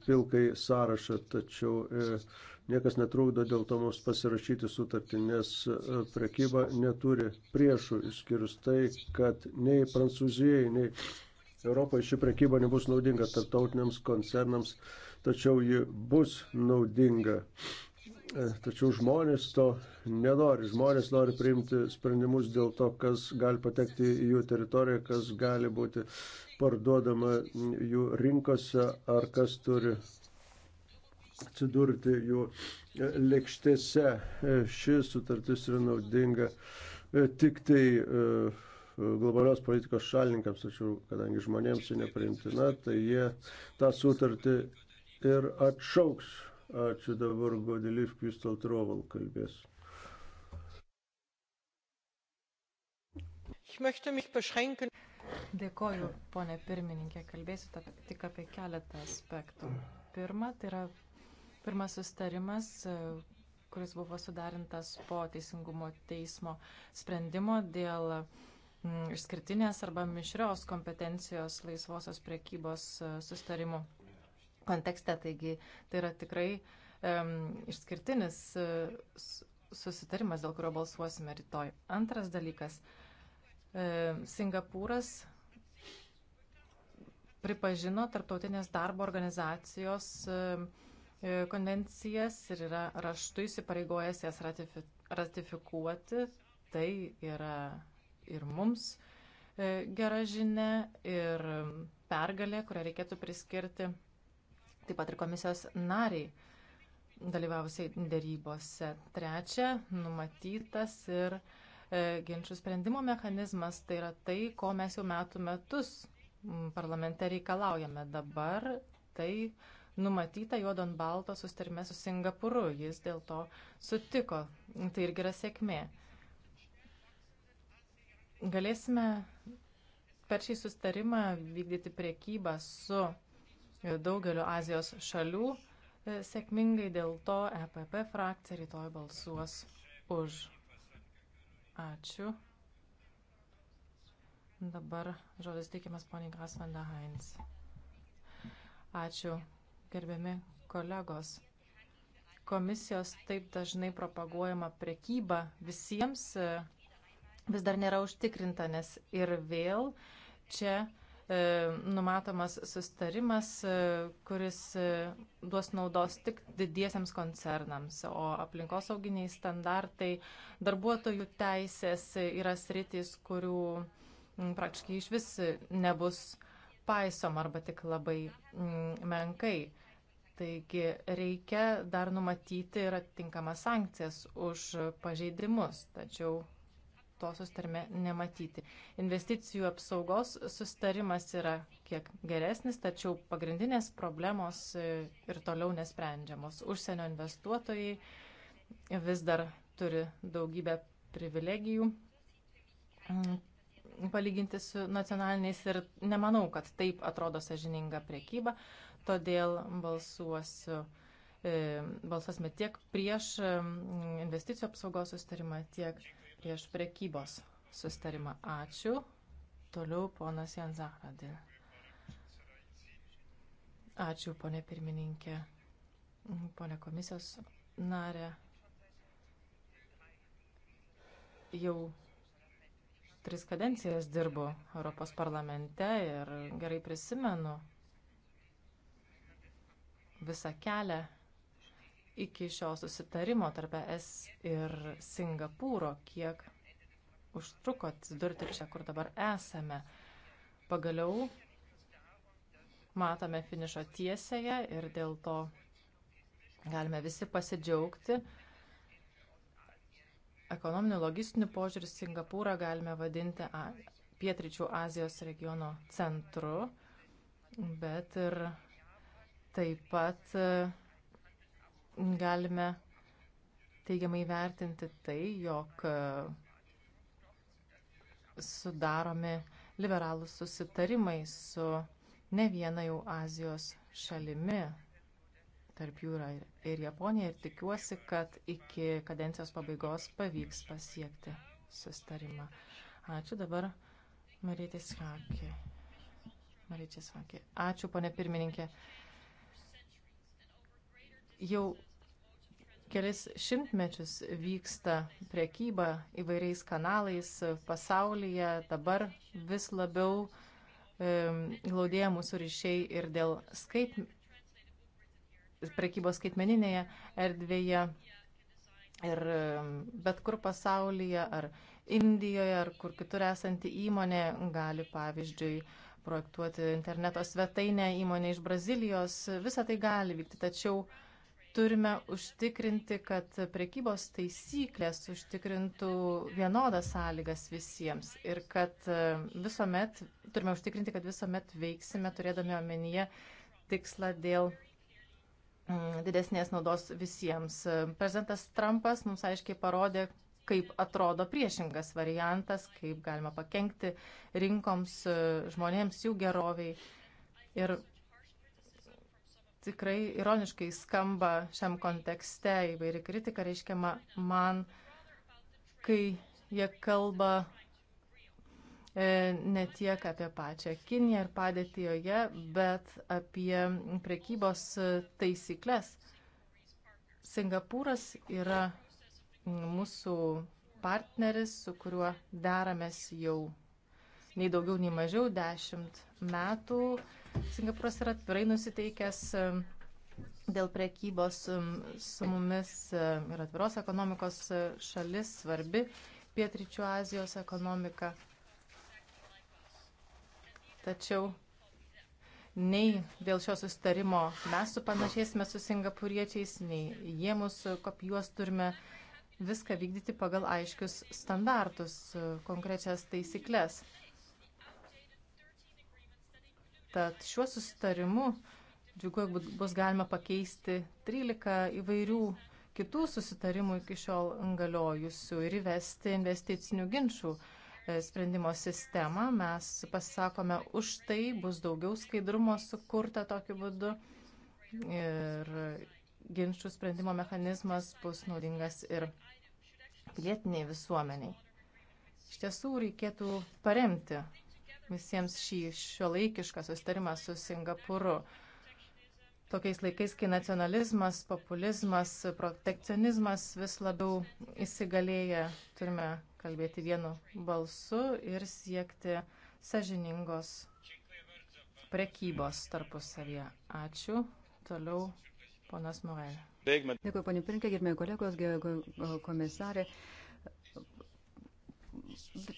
pilkai sąrašą, tačiau niekas netrūkdo dėl to mums pasirašyti sutartį, nes prekyba neturi priešų, išskyrus tai, kad nei Prancūzijai, nei Europai ši prekyba nebus naudinga tarptautiniams koncernams, tačiau ji bus naudinga E, tačiau žmonės to nenori. Žmonės nori priimti sprendimus dėl to, kas gali patekti į jų teritoriją, kas gali būti parduodama jų rinkose ar kas turi atsidurti jų e, lėkštėse. E, ši sutartis yra naudinga tik tai globalios politikos šalininkams, tačiau kadangi žmonėms ji nepriimtina, tai jie tą sutartį ir atšauks. Ačiū dabar Godeliv Kristaltroval kalbės. Dėkoju, ponė pirmininkė, kalbėsiu tik apie keletą aspektų. Pirma, tai yra pirmas sustarimas, e, kuris buvo sudarintas po Teisingumo teismo sprendimo dėl mm, išskirtinės arba mišrios kompetencijos laisvosios priekybos e, sustarimu kontekste. Taigi tai yra tikrai um, išskirtinis e, susitarimas, dėl kurio balsuosime rytoj. Antras dalykas. Um, Singapūras pripažino tarptautinės darbo organizacijos e, konvencijas ir yra raštu įsipareigojęs jas ratifikuoti. Tai yra ir mums gera žinia ir pergalė, kurią reikėtų priskirti taip pat ir komisijos nariai dalyvavusiai dėrybose. Trečia, numatytas ir e, ginčių sprendimo mechanizmas, tai yra tai, ko mes jau metų metus parlamente reikalaujame. Dabar tai numatyta juodon balto sustarime su Singapūru, jis dėl to sutiko. Tai irgi yra sėkmė. Galėsime per šį sustarimą vykdyti priekybą su daugelio Azijos šalių e, sėkmingai, dėl to EPP frakcija rytoj balsuos už. Ačiū. Dabar žodis teikiamas poniai Grasvanda Heinz. Ačiū, gerbiami kolegos. Komisijos taip dažnai propaguojama prekyba visiems e, vis dar nėra užtikrinta, nes ir vėl čia E, numatomas sustarimas, e, kuris e, duos naudos tik didiesiams koncernams, o aplinkosauginiai standartai, darbuotojų teisės yra sritis, kurių praktiškai iš vis nebus paisom arba tik labai menkai. Taigi reikia dar numatyti ir atitinkamas sankcijas už pažeidimus, tačiau to sustarime nematyti. Investicijų apsaugos sustarimas yra kiek geresnis, tačiau pagrindinės problemos e, ir toliau nesprendžiamos. Užsienio investuotojai vis dar turi daugybę privilegijų mm, palyginti su nacionaliniais ir nemanau, kad taip atrodo sažininga priekyba, todėl balsuosiu e, balsasime tiek prieš mm, investicijų apsaugos sustarimą, tiek prieš prekybos sustarimą. Ačiū. Toliau ponas Janzahradil. Ačiū, ponė pirmininkė, ponė komisijos narė. Jau tris kadencijas dirbu Europos parlamente ir gerai prisimenu visą kelią iki šio susitarimo tarp ES ir Singapūro, kiek užtruko atsidurti čia, kur dabar esame. Pagaliau matome finišo tiesėje ir dėl to galime visi pasidžiaugti. Ekonominių logistinių požiūrį Singapūrą galime vadinti Pietričių Azijos regiono centru, bet ir taip pat galime teigiamai vertinti tai, jog e, sudaromi liberalų susitarimai su ne viena jau Azijos šalimi, tarp jų yra ir Japonija, ir tikiuosi, kad iki kadencijos pabaigos pavyks pasiekti susitarimą. Ačiū dabar Marytės Hakė. Marytės Hakė. Ačiū, ponė pirmininkė. Jau kelis šimtmečius vyksta prekyba įvairiais kanalais pasaulyje, dabar vis labiau glaudėja e, mūsų ryšiai ir dėl skait... prekybos skaitmeninėje erdvėje ir bet kur pasaulyje ar Indijoje ar kur kitur esanti įmonė gali, pavyzdžiui, projektuoti interneto svetainę įmonė iš Brazilijos. Visą tai gali vykti, tačiau uh, turime užtikrinti, kad prekybos taisyklės užtikrintų vienodas sąlygas visiems ir kad e, visuomet, turime užtikrinti, kad visuomet veiksime turėdami omenyje tikslą dėl mm, didesnės naudos visiems. Prezidentas Trumpas mums aiškiai parodė, kaip atrodo priešingas variantas, kaip galima pakengti rinkoms, e, žmonėms, jų geroviai. Ir tikrai ironiškai skamba šiam kontekste įvairi kritika reiškiama man, kai jie kalba e, ne tiek apie pačią Kiniją ir padėtį joje, bet apie prekybos taisyklės. Singapūras yra mūsų partneris, su kuriuo deramės jau nei daugiau, nei mažiau dešimt metų Singapūras yra atvirai nusiteikęs e, dėl prekybos e, su mumis e, ir atviros ekonomikos šalis svarbi pietryčių Azijos ekonomika. Tačiau nei dėl šio sustarimo mes supanašėsime su singapuriečiais, nei jie mūsų kopijuos turime viską vykdyti pagal aiškius standartus, konkrečias taisyklės. Tad šiuo susitarimu džiugu, bus galima pakeisti 13 įvairių kitų susitarimų iki šiol galiojusių ir įvesti investicinių ginčių e, sprendimo sistemą. Mes pasisakome už tai, bus daugiau skaidrumo sukurta tokiu būdu ir ginčių sprendimo mechanizmas bus naudingas ir pilietiniai visuomeniai. Iš tiesų reikėtų paremti visiems šį šiuolaikišką susitarimą su Singapūru. Tokiais laikais, kai nacionalizmas, populizmas, protekcionizmas vis labiau įsigalėja, turime kalbėti vienu balsu ir siekti sažiningos prekybos tarpusavyje. Ačiū. Toliau ponas Morelė. Dėkui, ponė Pirinkė, gerbėjai kolegos, komisarė.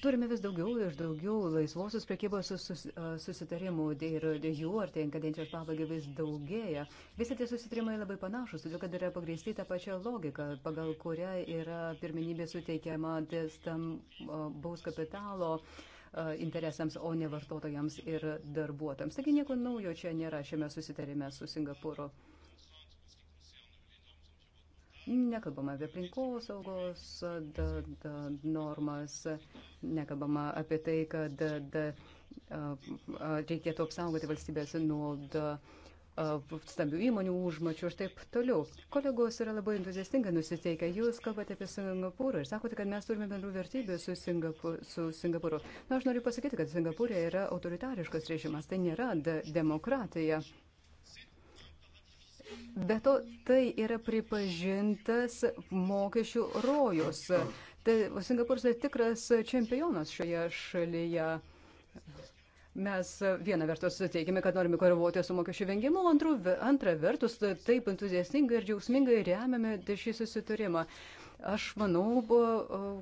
Turime vis daugiau ir daugiau laisvosios priekybos sus, susitarimų ir jų artėjant kadencijos pabaigai vis daugėja. Visi tie susitarimai labai panašus, todėl kad yra pagrįsti tą pačią logiką, pagal kurią yra pirminybė suteikiama stambaus kapitalo interesams, o ne vartotojams ir darbuotojams. Taigi nieko naujo čia nėra šiame susitarime su Singapūru. Nekalbama apie aplinkos saugos da, da, normas, nekalbama apie tai, kad da, da, reikėtų apsaugoti valstybės nuo da, stambių įmonių užmačių ir taip toliau. Kolegos yra labai entuziastingai nusiteikę. Jūs kalbate apie Singapūrą ir sakote, kad mes turime bendrų vertybių su, Singapu, su Singapūru. Na, aš noriu pasakyti, kad Singapūrė yra autoritariškas režimas, tai nėra de demokratija. Be to, tai yra pripažintas mokesčių rojus. Tai Singapūras yra tikras čempionas šioje šalyje. Mes vieną vertus teikime, kad norime koreguoti su mokesčių vengimu, antrų, antrą vertus taip entuziastingai ir džiaugsmingai remiame šį susitarimą. Aš manau,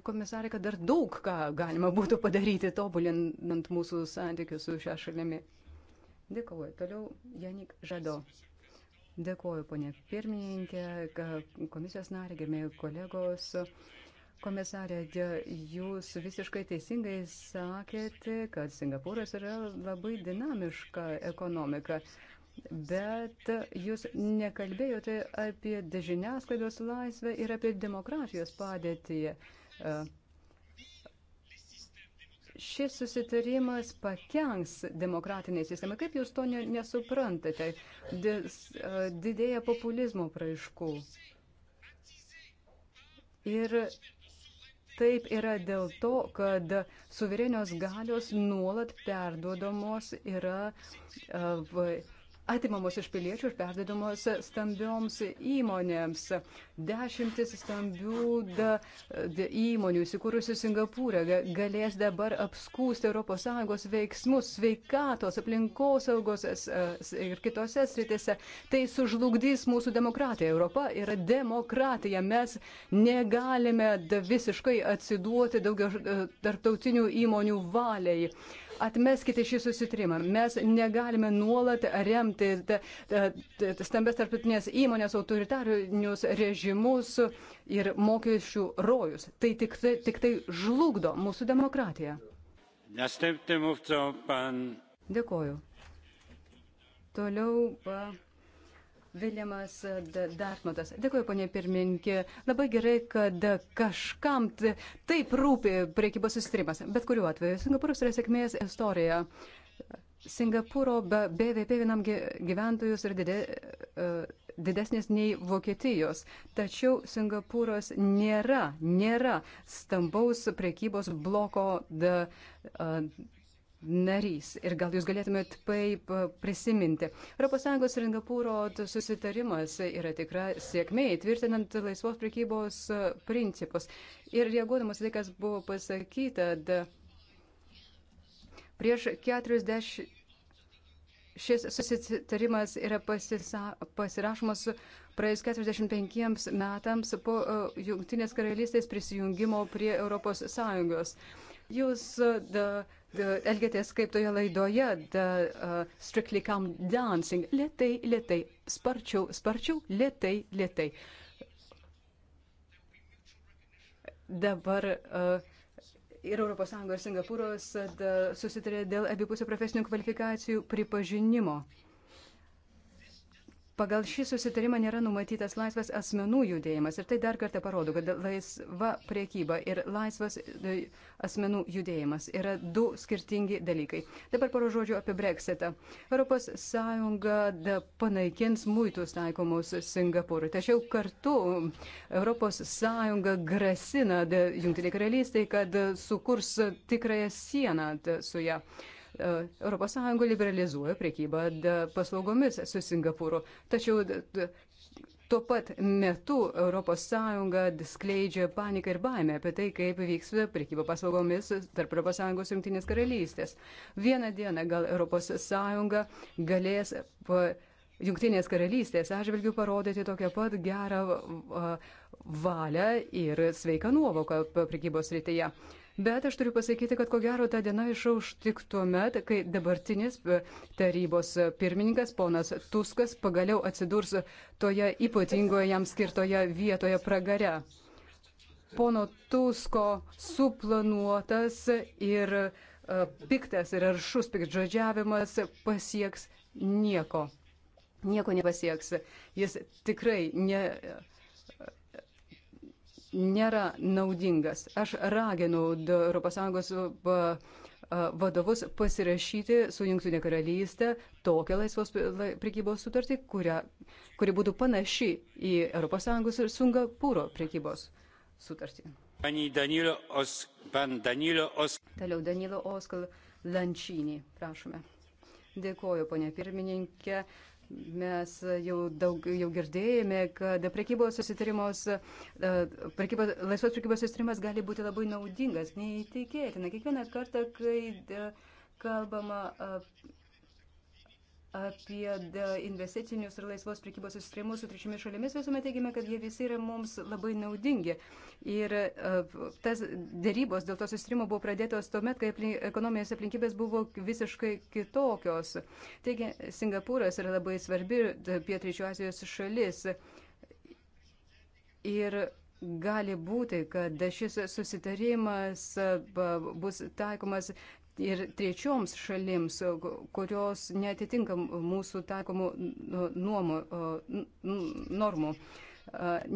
komisarė, kad dar daug ką galima būtų padaryti, tobulinant mūsų santykius su šia šalimi. Dėkuoju. Toliau Janik Žado. Yes, Dėkuoju, ponė pirmininkė, komisijos narė, gerbėjai kolegos. Komisarė, jūs visiškai teisingai sakėte, kad Singapūras yra labai dinamiška ekonomika. Bet jūs nekalbėjote apie žiniasklaidos laisvę ir apie demokratijos padėtį šis susitarimas pakenks demokratiniai sistemai. Kaip jūs to nesuprantate? Didėja populizmo praaiškų. Ir taip yra dėl to, kad suverenios galios nuolat perduodamos yra. Uh, atimamos iš piliečių ir perdedamos stambioms įmonėms. Dešimtis stambių da, da, įmonių įsikūrusių Singapūrė galės dabar apskūsti ES veiksmus sveikatos, aplinkosaugos ir kitose sritise. Tai sužlugdys mūsų demokratiją. Europa yra demokratija. Mes negalime visiškai atsiduoti daugio e, tarptautinių įmonių valiai. Atmeskite šį susitrimą. Mes negalime nuolat remti stambės tarptautinės įmonės autoritarinius režimus ir mokesčių rojus. Tai tik, tai, tik tai žlugdo mūsų demokratiją. Dėkoju. Toliau. Pa... Viljamas e, Dartmatas. Dėkuoju, ponė pirmininkė. Labai gerai, kad kažkam taip rūpi priekybos susitarimas. Bet kuriuo atveju, Singapūras yra sėkmės istorija. Singapūro BVP vienam gyventojus yra didė, e, didesnis nei Vokietijos. Tačiau Singapūras nėra, nėra stambaus priekybos bloko da, e, narys. Ir gal jūs galėtumėt taip e, prisiminti. ES ir Singapūro susitarimas yra tikra sėkmė įtvirtinant laisvos prekybos e, principus. Ir reaguodamas tai, kas buvo pasakyta, da, prieš 40. Šis susitarimas yra pasisa, pasirašomas praėjus 45 metams po e, Junktinės karalystės prisijungimo prie ES. Jūs da, uh, elgėtės kaip toje laidoje the, uh, Strictly Come Dancing. Lietai, lietai, sparčiau, sparčiau, lietai, lietai. Dabar uh, ir ES ir Singapūros susitarė dėl abipusio profesinių kvalifikacijų pripažinimo. Uh, Pagal šį susitarimą nėra numatytas laisvas asmenų judėjimas ir tai dar kartą parodo, kad laisva priekyba ir laisvas e, asmenų judėjimas yra du skirtingi dalykai. Dabar poro žodžių apie Brexitą. ES panaikins muitus taikomus Singapūrui, tačiau kartu ES grasina Junktinė karalystė, kad sukurs tikrąją sieną su ją. Ja. ES liberalizuoja priekybą paslaugomis su Singapūru, tačiau tuo pat metu ES skleidžia paniką ir baimę apie tai, kaip vyks priekyba paslaugomis tarp ES ir Junktinės karalystės. Vieną dieną gal ES galės. Pa, Junktinės karalystės atžvilgių parodyti tokią pat gerą valią ir sveiką nuovoką prekybos rytyje. Bet aš turiu pasakyti, kad ko gero ta diena išauš tik tuo met, kai dabartinis e, tarybos e, pirmininkas ponas Tuskas pagaliau atsidurs toje ypatingoje jam skirtoje vietoje pragare. Pono Tusko suplanuotas ir e, piktas ir aršus pikdžodžiavimas pasieks nieko. Nieko nepasieks. Jis tikrai ne, nėra naudingas. Aš raginu ES vadovus pasirašyti su Junktinė karalystė tokią laisvos prekybos sutartį, kuria, kuri būtų panaši į ES ir Singapūro prekybos sutartį. Danilo Os, pan Danilo Os. Toliau Danilo Oskal Lančinį, prašome. Dėkoju, ponė pirmininkė. Mes jau, daug, jau girdėjome, kad prekybos susitarimas, e, prekybo, laisvos prekybos susitarimas gali būti labai naudingas, neįtikėtina. Kiekvieną kartą, kai e, kalbama apie e, investicinius ir laisvos prekybos susitarimus su trečiomis šalimis, visuomet teigiame, kad jie visi yra mums labai naudingi. Ir e, tas dėrybos dėl to susitarimo buvo pradėtos tuomet, kai aplink, ekonominės aplinkybės buvo visiškai kitokios. Taigi, Singapūras yra labai svarbi pietryčių Azijos šalis. Ir Gali būti, kad šis susitarimas e, bus taikomas ir trečioms šalims, kurios netitinka mūsų taikomų nu, nuomo, normų.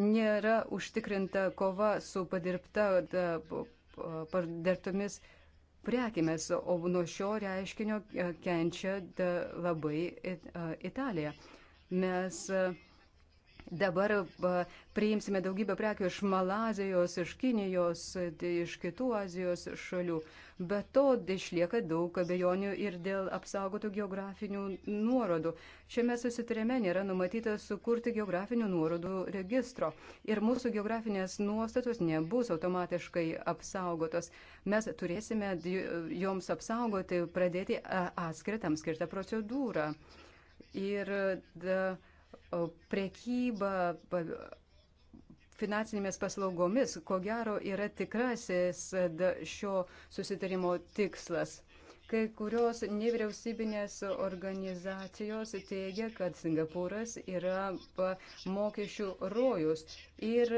Nėra užtikrinta kova su padirbta, padirbtomis prekimės, o nuo šio reiškinio e, kenčia labai Italija. Mes uh, Dabar priimsime daugybę prekių iš Malazijos, iš Kinijos, iš kitų Azijos šalių. Be to išlieka daug abejonių ir dėl apsaugotų geografinių nuorodų. Šiame susitarime nėra numatyta sukurti geografinių nuorodų registro ir mūsų geografinės nuostatos nebus automatiškai apsaugotos. Mes turėsime joms apsaugoti, pradėti atskirtam skirtą procedūrą. Ir da, prekyba finansinėmis paslaugomis, ko gero, yra tikrasis e, šio susitarimo tikslas. Kai kurios nevyriausybinės organizacijos teigia, kad Singapūras yra mokesčių rojus ir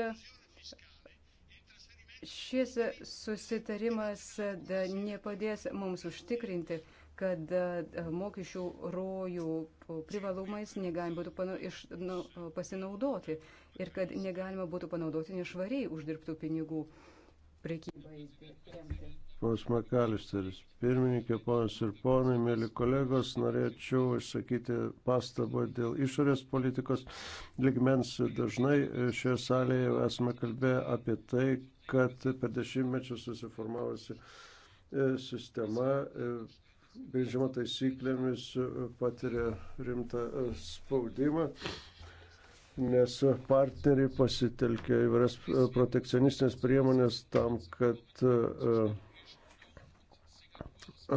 šis susitarimas e, nepadės mums užtikrinti, kad e, e, mokesčių rojų privalumais negalima būtų panu, iš, nu, pasinaudoti ir kad negalima būtų panaudoti nešvariai uždirbtų pinigų prekybai. Ponas Makalisteris, pirmininkė, ponas ir ponai, mėly kolegos, norėčiau išsakyti pastabą dėl išorės politikos ligmens. Dažnai šioje salėje esame kalbėję apie tai, kad per dešimtmečius susiformavusi e, sistema grindžiama taisyklėmis patiria rimtą spaudimą, nes partneriai pasitelkia įvairias protekcionistinės priemonės tam, kad e,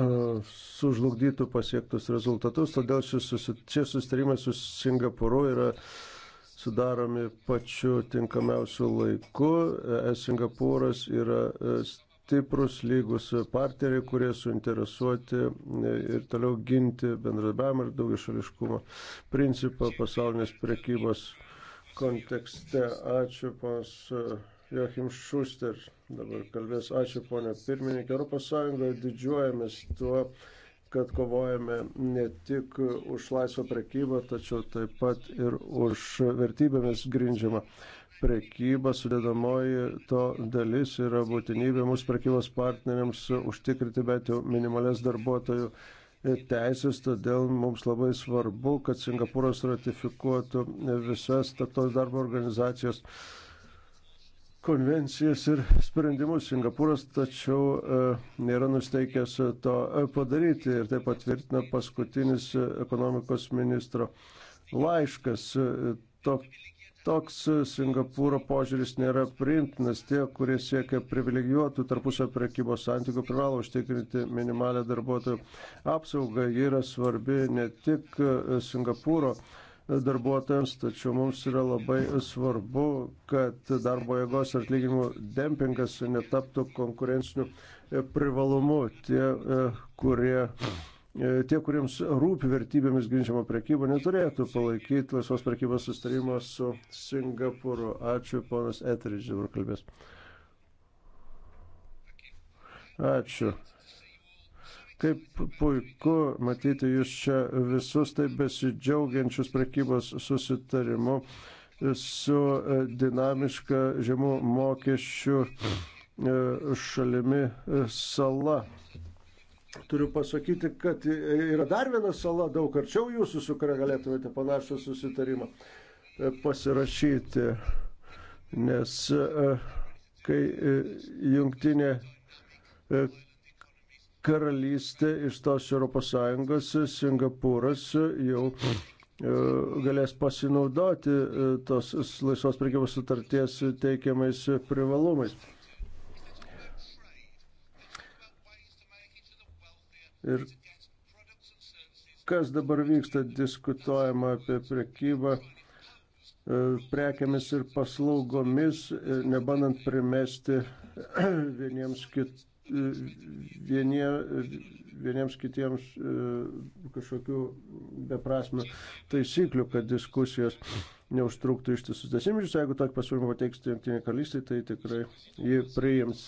e, sužlugdytų pasiektus rezultatus, todėl šie sustarimai su Singapūru yra sudaromi pačiu tinkamiausiu laiku. E, Singapūras yra stiprus, lygus partneriai, kurie suinteresuoti ir toliau ginti bendradarbiavimą ir daugišališkumo principą pasaulinės prekybos kontekste. Ačiū, pas e, Joachim Šuster. Dabar kalbės, ačiū, ponė pirmininkė. Europos Sąjungoje didžiuojamės tuo, kad kovojame ne tik už laisvą prekybą, tačiau taip pat ir už vertybėmis grindžiamą prekyba sudėdamoji to dalis yra būtinybė mūsų prekybos partneriams užtikrinti bent jau minimales darbuotojų teisės, todėl mums labai svarbu, kad Singapūras ratifikuotų visas tarptautinės darbo organizacijos konvencijas ir sprendimus Singapūras, tačiau e, nėra nusteikęs to padaryti ir tai patvirtina paskutinis ekonomikos ministro laiškas. E, to, Toks e, Singapūro požiūris nėra priimtinas. Tie, kurie siekia privilegijuotų tarpusio prekybos santykių, privalo užtikrinti minimalę darbuotojų apsaugą. Ji yra svarbi ne tik e, Singapūro darbuotojams, tačiau mums yra labai svarbu, kad darbo jėgos atlyginimų dempingas netaptų konkurenciniu e, privalumu. Tie, kurie E, tie, kuriems rūpi vertybėmis grindžiama prekyba, neturėtų palaikyti laisvos prekybos sustarimo su Singapūru. Ačiū, ponas Eteridž, dabar kalbės. Ačiū. Kaip puiku matyti jūs čia visus taip besidžiaugiančius prekybos susitarimu su e, dinamiška žemų mokesčių e, šalimi sala. Turiu pasakyti, kad yra dar viena sala daug arčiau jūsų, su kuria galėtumėte panašų susitarimą e, pasirašyti, nes e, kai e, jungtinė karalystė išstos Europos Sąjungos, Singapūras jau galės pasinaudoti tos laisvos prekybos sutarties teikiamais privalumais. Ir kas dabar vyksta, diskutuojama apie prekybą e, prekiamis ir paslaugomis, e, nebandant primesti vieniems, kit, e, vienie, vieniems kitiems kažkokių beprasmių taisyklių, kad diskusijos neužtruktų ištisus dešimtmečius. Jeigu tokį pasiūlymą pateiksite Junktinė karalystė, tai tikrai jį priims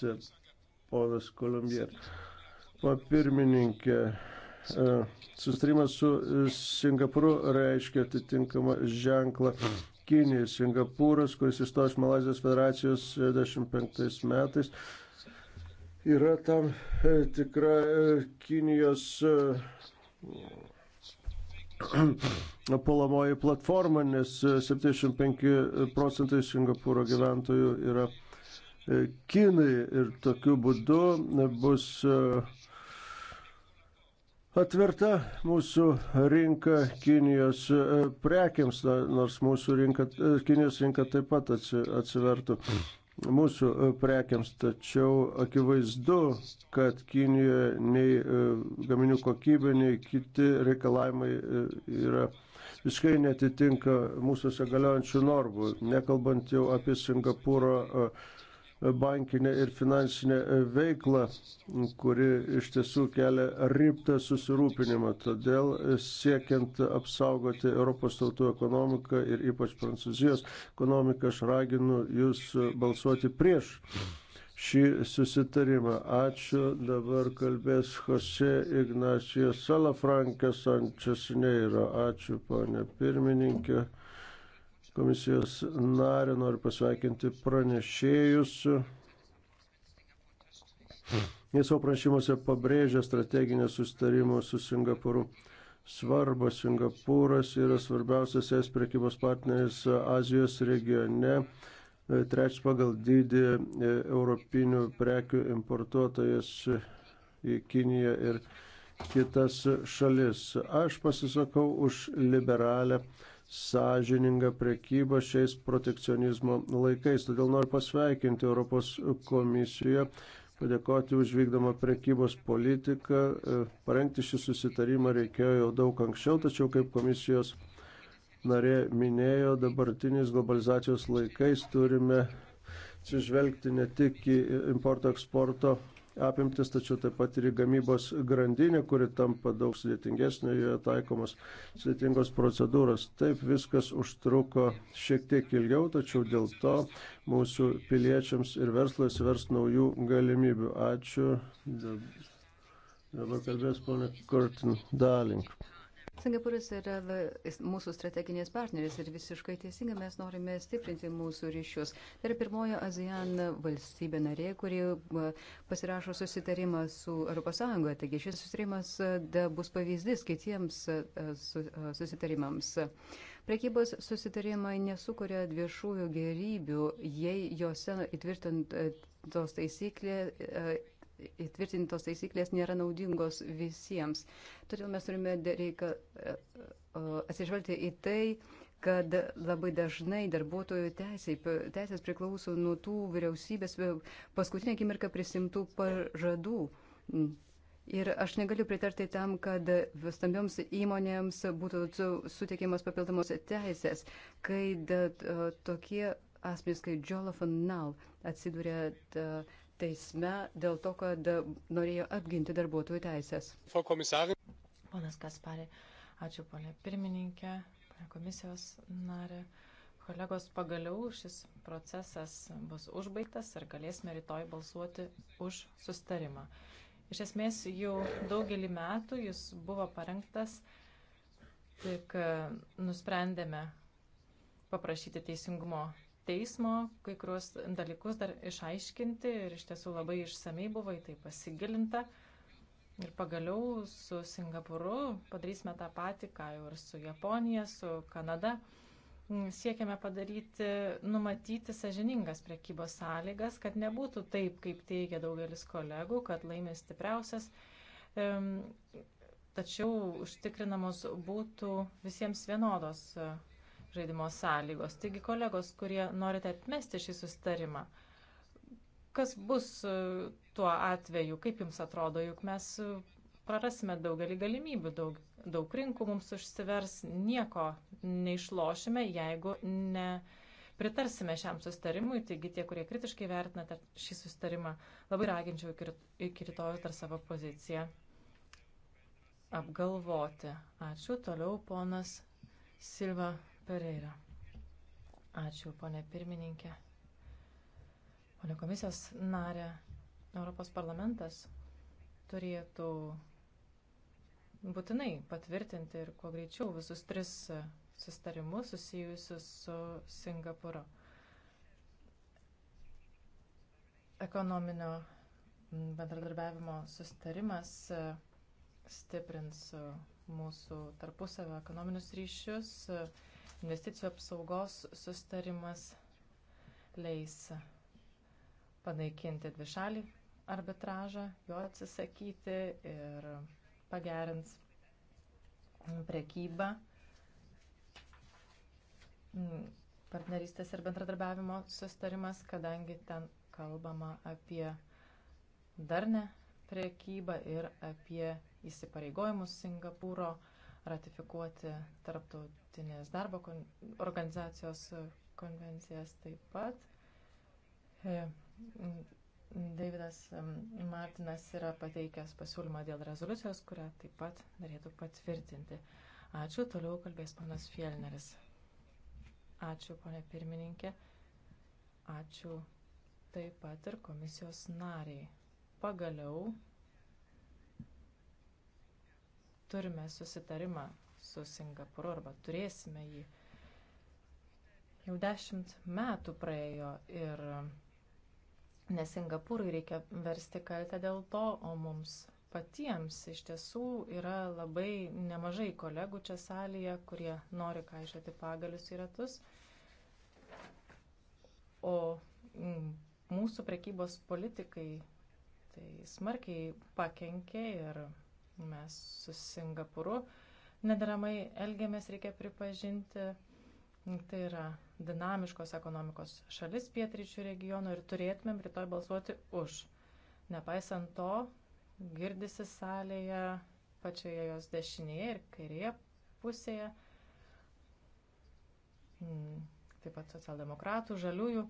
ponas Kolumbier pirmininkė. E, sustarimas su Singapūru reiškia atitinkamą ženklą Kinijai. Singapūras, kuris įstojo iš Malazijos federacijos 25 metais, yra tam e, tikra e, Kinijos puolamoji platforma, nes 75 procentai Singapūro gyventojų yra Kinai ir tokiu būdu bus uh, atverta mūsų rinka Kinijos e, prekiams, nors mūsų rinka, e, Kinijos rinka taip pat atsivertų mūsų e, prekiams, tačiau akivaizdu, kad Kinijoje nei gaminių kokybė, nei kiti reikalavimai yra visiškai netitinka mūsų galiojančių normų, nekalbant jau apie Singapūro bankinę ir finansinę veiklą, kuri iš tiesų kelia rimtą susirūpinimą. Todėl siekiant apsaugoti Europos tautų ekonomiką ir ypač Prancūzijos ekonomiką, aš raginu jūs balsuoti prieš šį susitarimą. Ačiū. Dabar kalbės Jose Ignacijos Salafrankė Sančesneiro. Ačiū, ponė pirmininkė komisijos narį, noriu pasveikinti pranešėjus. Jis savo pranešimuose pabrėžia strateginę sustarimą su Singapūru. Svarba Singapūras yra svarbiausias es prekybos partneris Azijos regione, trečias pagal dydį europinių prekių importuotojas į Kiniją ir kitas šalis. Aš pasisakau už liberalę sąžininga prekyba šiais protekcionizmo laikais. Todėl noriu pasveikinti Europos komisiją, padėkoti už vykdomą prekybos politiką. E, parengti šį susitarimą reikėjo jau daug anksčiau, tačiau kaip komisijos narė minėjo, dabartiniais globalizacijos laikais turime atsižvelgti ne tik į importo eksporto apimtis, tačiau taip pat ir į gamybos grandinę, kuri tampa daug sudėtingesnė, joje taikomos sudėtingos procedūros. Taip viskas užtruko šiek tiek ilgiau, tačiau dėl to mūsų piliečiams ir verslui svers naujų galimybių. Ačiū. Dabar kalbės ponė Kurtin Dalink. Singapūras yra mūsų strateginės partneris ir visiškai teisingai mes norime stiprinti mūsų ryšius. Tai yra pirmojo ASEAN valstybė narė, kuri pasirašo susitarimą su ES. Taigi šis susitarimas bus pavyzdys kitiems susitarimams. Prekybos susitarimai nesukuria viešųjų gerybių, jei juose įtvirtintos taisyklė įtvirtintos taisyklės nėra naudingos visiems. Todėl mes turime reikia e, e, atsižvelgti į tai, kad labai dažnai darbuotojų teisės, teisės priklauso nuo tų vyriausybės e, paskutinę akimirką prisimtų pažadų. Ir aš negaliu pritarti tam, kad stambioms įmonėms būtų suteikiamas papildomos teisės, kai tokie asmenys kaip Jolofan Nal atsidūrė. Da, teisme dėl to, kad norėjo apginti darbuotojų teisės. Ponas Kasparė, ačiū ponė pirmininkė, ponė komisijos narė. Kolegos, pagaliau šis procesas bus užbaigtas ir galėsime rytoj balsuoti už sustarimą. Iš esmės, jau daugelį metų jis buvo parengtas, tik nusprendėme paprašyti teisingumo teismo kai kuriuos dalykus dar išaiškinti ir iš tiesų labai išsamei buvo į tai pasigilinta. Ir pagaliau su Singapūru padarysime tą patį, ką jau ir su Japonija, su Kanada. Mm, siekiame padaryti, numatyti sažiningas prekybos sąlygas, kad nebūtų taip, kaip teigia daugelis kolegų, kad laimė stipriausias, tačiau užtikrinamos būtų visiems vienodos žaidimo sąlygos. Taigi, kolegos, kurie norite atmesti šį sustarimą, kas bus e, tuo atveju, kaip jums atrodo, juk mes e, prarasime daugelį galimybių, daug, daug rinkų mums užsivers, nieko neišlošime, jeigu ne. Pritarsime šiam sustarimui, taigi tie, kurie kritiškai vertinate šį sustarimą, labai raginčiau iki rytojus dar savo poziciją apgalvoti. Ačiū. Toliau ponas Silva Pereira. Ačiū, ponė pirmininkė. Pone komisijos narė, Europos parlamentas turėtų būtinai patvirtinti ir kuo greičiau visus tris sustarimus susijusius su Singapūru. Ekonominio bendradarbiavimo sustarimas e, stiprins mūsų tarpusavio ekonominius ryšius, Investicijų apsaugos sustarimas leis panaikinti dvišalį arbitražą, jo atsisakyti ir pagerins prekybą, mm, partnerystės ir bendradarbiavimo sustarimas, kadangi ten kalbama apie darnę prekybą ir apie įsipareigojimus Singapūro ratifikuoti tarptautinės darbo kon organizacijos konvencijas taip pat. E, Davidas Martinas yra pateikęs pasiūlymą dėl rezoliucijos, kurią taip pat norėtų patvirtinti. Ačiū, toliau kalbės panas Fielneris. Ačiū, ponė pirmininkė. Ačiū taip pat ir komisijos nariai. Pagaliau turime susitarimą su Singapūru arba turėsime jį. Jau dešimt metų praėjo ir ne Singapūrui reikia versti kaltę dėl to, o mums patiems iš tiesų yra labai nemažai kolegų čia salėje, kurie nori kaišėti pagalius į ratus. O mm, mūsų prekybos politikai tai smarkiai pakenkė ir Mes su Singapūru nederamai elgiamės, reikia pripažinti. Tai yra dinamiškos ekonomikos šalis pietryčių regiono ir turėtumėm rytoj balsuoti už. Nepaisant to, girdisi salėje pačioje jos dešinėje ir kairėje pusėje, hmm, taip pat socialdemokratų, žaliųjų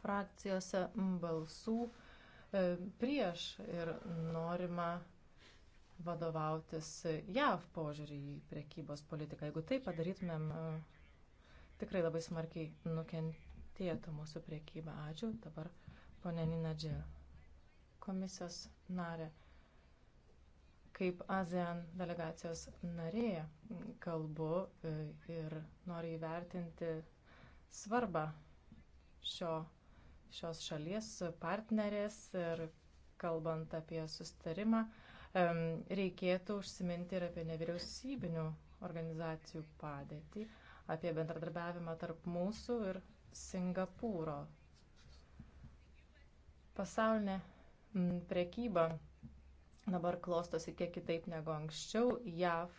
frakcijose balsų e, prieš ir norima vadovautis JAV požiūrį į prekybos politiką. Jeigu tai padarytumėm, e, tikrai labai smarkiai nukentėtų mūsų prekyba. Ačiū. Dabar ponė Nina Džil, komisijos narė. Kaip ASEAN delegacijos narė kalbu e, ir noriu įvertinti svarbą šio, šios šalies partnerės ir kalbant apie sustarimą reikėtų užsiminti ir apie nevyriausybinių organizacijų padėtį, apie bendradarbiavimą tarp mūsų ir Singapūro. Pasaulinė prekyba dabar klostosi kiek kitaip negu anksčiau. JAV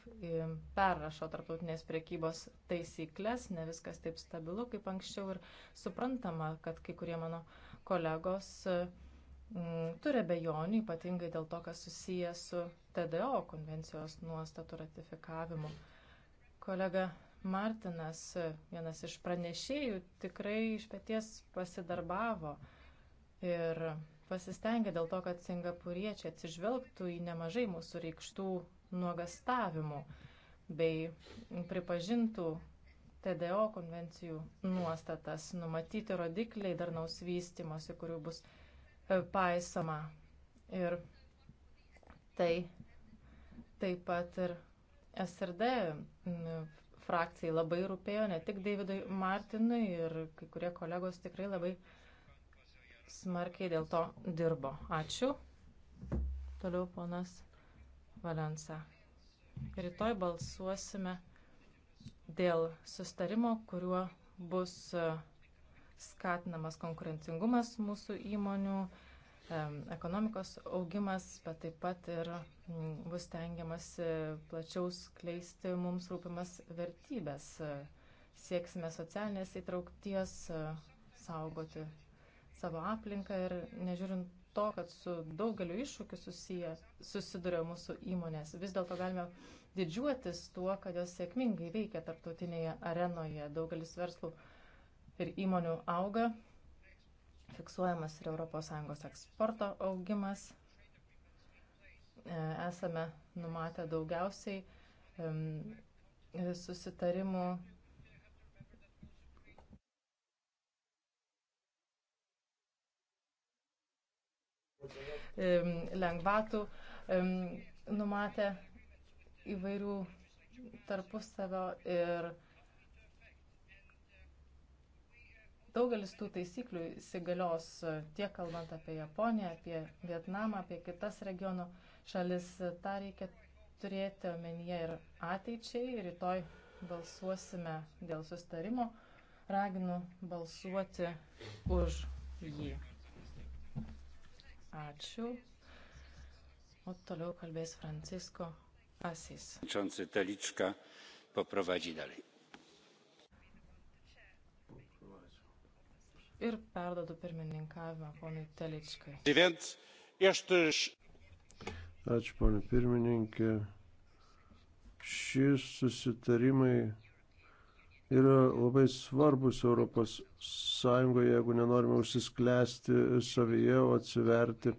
perrašo tarptautinės prekybos taisyklės, ne viskas taip stabilu kaip anksčiau ir suprantama, kad kai kurie mano kolegos uh, Mm, turi bejonių, ypatingai dėl to, kas susiję su TDO konvencijos nuostatų ratifikavimu. Kolega Martinas, vienas iš pranešėjų, tikrai iš pėties pasidarbavo ir pasistengė dėl to, kad singapuriečiai atsižvelgtų į nemažai mūsų reikštų nuogastavimų bei pripažintų TDO konvencijų nuostatas, numatyti rodikliai darnaus vystimosi, kurių bus E, paisoma. Ir tai taip pat ir SRD mm, frakcijai labai rūpėjo, ne tik Davidui Martinui ir kai kurie kolegos tikrai labai smarkiai dėl to dirbo. Ačiū. Toliau ponas Valensa. Rytoj balsuosime dėl sustarimo, kuriuo bus uh, skatinamas konkurencingumas mūsų įmonių, ekonomikos augimas, bet taip pat ir bus tengiamas plačiau skleisti mums rūpimas vertybės. Sieksime socialinės įtraukties, saugoti savo aplinką ir nežiūrint to, kad su daugeliu iššūkių susiję, susiduria mūsų įmonės, vis dėlto galime didžiuotis tuo, kad jos sėkmingai veikia tarptautinėje arenoje. Daugelis verslų ir įmonių auga, fiksuojamas ir ES eksporto augimas. E, esame numatę daugiausiai susitarimų lengvatų numatę įvairių tarpusavio ir Daugelis tų taisyklių įsigalios e, tiek kalbant apie Japoniją, apie Vietnamą, apie kitas regionų šalis. E, Ta reikia turėti omenyje ir ateičiai. Rytoj balsuosime dėl sustarimo. Raginu balsuoti už jį. Ačiū. O toliau kalbės Francisko Asis. Čiansi Telička poprowadzi dalej. ir perdodu pirmininkavimą ponui Teličkai. Ačiū, ponė pirmininkė. Šis susitarimai yra labai svarbus Europos Sąjungoje, jeigu nenorime užsisklęsti savyje, o atsiverti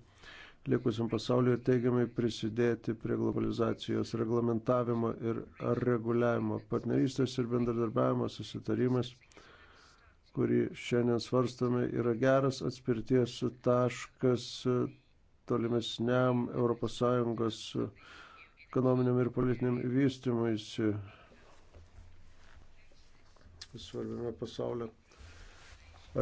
likusiam pasauliu ir teigiamai prisidėti prie globalizacijos reglamentavimo ir reguliavimo. Partnerystės ir bendradarbiavimo susitarimas kurį šiandien svarstame, yra geras atspirties taškas tolimesniam ES ekonominiam ir politiniam vystimuisi svarbiame pasaulio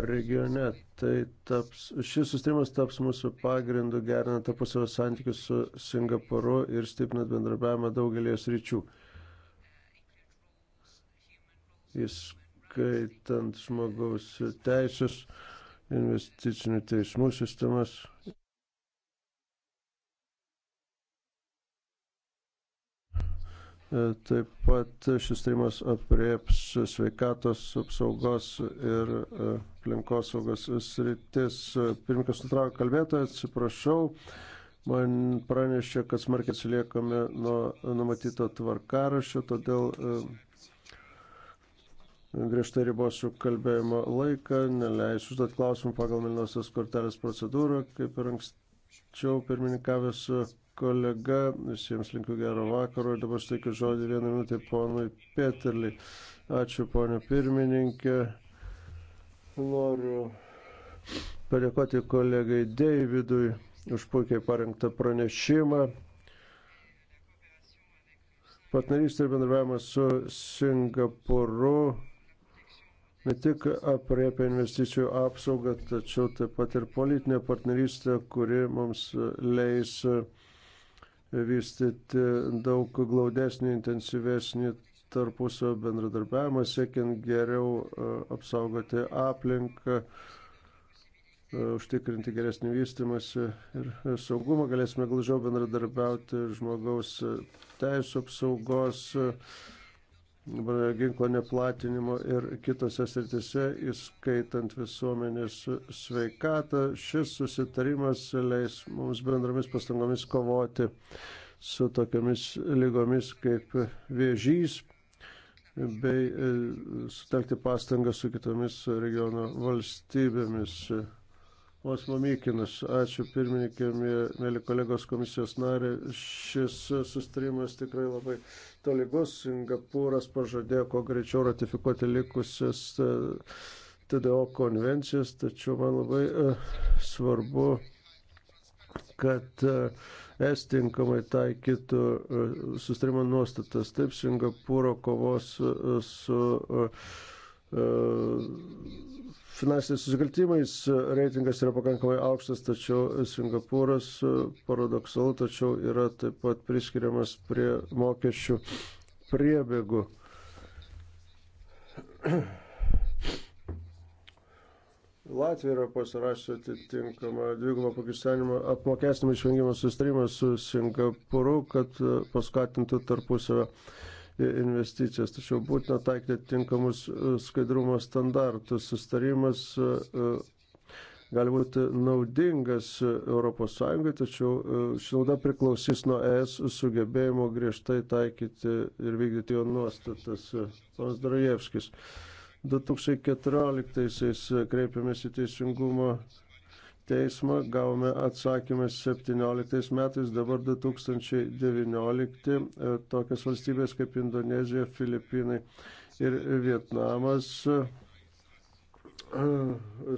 regione. Tai taps, šis sustarimas taps mūsų pagrindu gerinant tarpusavio santykius su Singapuru ir stiprinant bendrabiavimą daugelį sričių. Jis įskaitant žmogaus teisės, investicinių teismų sistemas. Taip pat šis teimas aprieps sveikatos apsaugos ir aplinkosaugos sritis. Pirmininkas nutraukė kalbėtoją, atsiprašau. Man pranešė, kad smarkiai atsiliekame nuo numatyto tvarkarašio, todėl griežtai ribosiu kalbėjimo laiką, neleisiu užduoti klausimų pagal Milinosios kortelės procedūrą, kaip ir anksčiau pirmininkavęs kolega. Visiems linkiu gero vakaro ir dabar steikiu žodį vieną minutę ponui Peterli. Ačiū ponio pirmininkė. Noriu padėkoti kolegai Deividui už puikiai parengtą pranešimą. Partnerystė ir bendravimas su Singapūru ne tik apriepia investicijų apsaugą, tačiau taip pat ir politinę partnerystę, kuri mums leis vystyti daug glaudesnį, intensyvesnį tarpusio bendradarbiavimą, siekiant geriau e, apsaugoti aplinką, e, užtikrinti geresnį vystimąsi ir saugumą, galėsime glaudžiau bendradarbiauti žmogaus teisų apsaugos ginklo neplatinimo ir kitose sritise, įskaitant visuomenės sveikatą. Šis susitarimas leis mums bendromis pastangomis kovoti su tokiamis lygomis kaip viežys bei e, sutelkti pastangą su kitomis regiono valstybėmis. Pos Mamykinas, ačiū pirmininkė, mėly kolegos komisijos narė. Šis sustarimas tikrai labai tolygus. Singapūras pažadėjo, kuo greičiau ratifikuoti likusias e, TDO konvencijas, tačiau man labai uh, svarbu, kad uh, es tinkamai taikytų uh, sustarimo nuostatas. Taip, Singapūro kovos uh, su. Uh, E, finansiniais susikaltimais reitingas yra pakankamai aukštas, tačiau Singapūras e, paradoksalu, tačiau yra taip pat priskiriamas prie mokesčių priebėgų. Latvija yra pasirašę atitinkamą dvigubą pakistanimą apmokestinimą išvengimo sustarimą su Singapūru, kad paskatintų tarpusavę investicijas, tačiau būtina taikyti tinkamus e, skaidrumo standartus. Sustarimas e, e, gali būti naudingas ES, tačiau ši nauda priklausys nuo ES sugebėjimo griežtai taikyti ir vykdyti jo nuostatas. Panas Darajevskis. 2014 kreipėmės į Teisingumo teismą, gavome atsakymą 17 metais, dabar 2019 e, tokias valstybės kaip Indonezija, Filipinai ir Vietnamas, e,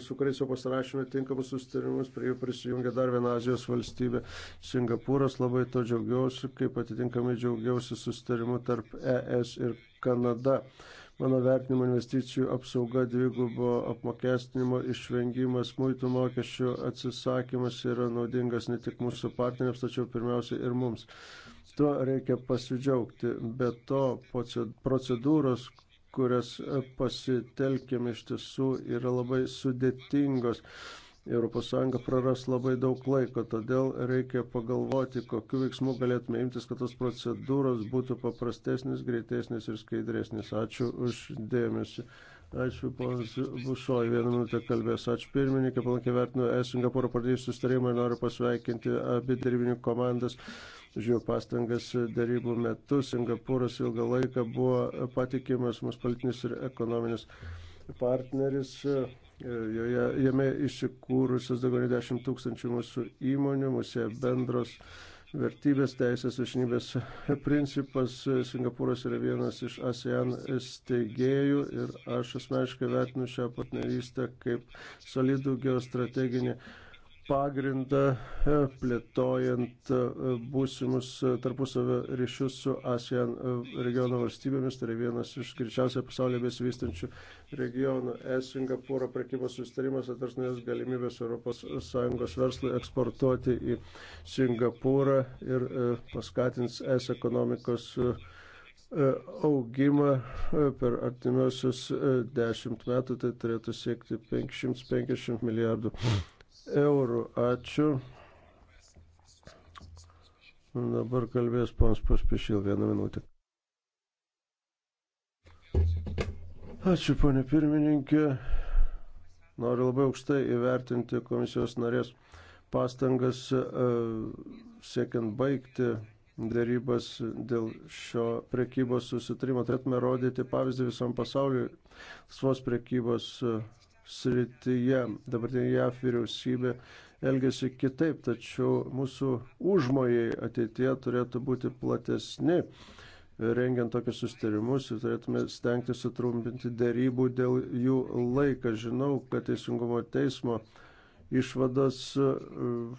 su kuriais jau pasirašėme tinkamus sustarimus, prie jų prisijungia dar viena Azijos valstybė - Singapūras, labai to džiaugiausi, kaip atitinkamai džiaugiausi sustarimu tarp ES ir Kanada. Mano vertinimo investicijų apsauga, dvigubo apmokestinimo išvengimas, muitų mokesčių atsisakymas yra naudingas ne tik mūsų partneriams, tačiau pirmiausia ir mums. Tuo reikia pasidžiaugti. Be to, procedūros, kurias pasitelkėme iš tiesų, yra labai sudėtingos ES praras labai daug laiko, todėl reikia pagalvoti, kokiu veiksmu galėtume imtis, kad tos procedūros būtų paprastesnis, greitesnis ir skaidresnis. Ačiū už dėmesį. Ačiū, ponas Busoj, vieną minutę kalbės. Ačiū pirmininkė, palankiai vertinu es Singapūro pradėjus sustarimą ir noriu pasveikinti abi darybininkų komandas. Žiūrėjau pastangas darybų metu. Singapūras ilgą laiką buvo patikimas mūsų politinis ir ekonominis partneris Joje, jame įsikūrusios daugiau nei 10 tūkstančių mūsų įmonių, mūsų bendros vertybės, teisės, viršinybės principas. Singapūras yra vienas iš ASEAN steigėjų ir aš asmeniškai vertinu šią partnerystę kaip solidų geostrateginį pagrindą e, plėtojant e, būsimus e, tarpusavio ryšius su ASEAN regiono valstybėmis. Tai yra vienas iš greičiausiai pasaulyje besivystančių regionų. Es Singapūro prekybos sustarimas atvers naujas galimybės ES verslui eksportuoti į Singapūrą ir paskatins es ekonomikos augimą per artimiausius dešimt metų, tai turėtų siekti 550 milijardų eurų. Ačiū. Dabar kalbės ponas Paspešil vieną minutę. Ačiū, ponė pirmininkė. Noriu labai aukštai įvertinti komisijos narės pastangas e, siekiant baigti dėrybas dėl šio prekybos susitrimo. Turėtume rodyti pavyzdį visam pasauliu. Svos prekybos e, srityje. Dabartinė JAF vyriausybė elgesi kitaip, tačiau mūsų užmojai ateitie turėtų būti platesni. Rengiant tokius sustarimus, turėtume stengti sutrumpinti dėrybų dėl jų laiką. Žinau, kad Teisingumo teismo išvadas uh,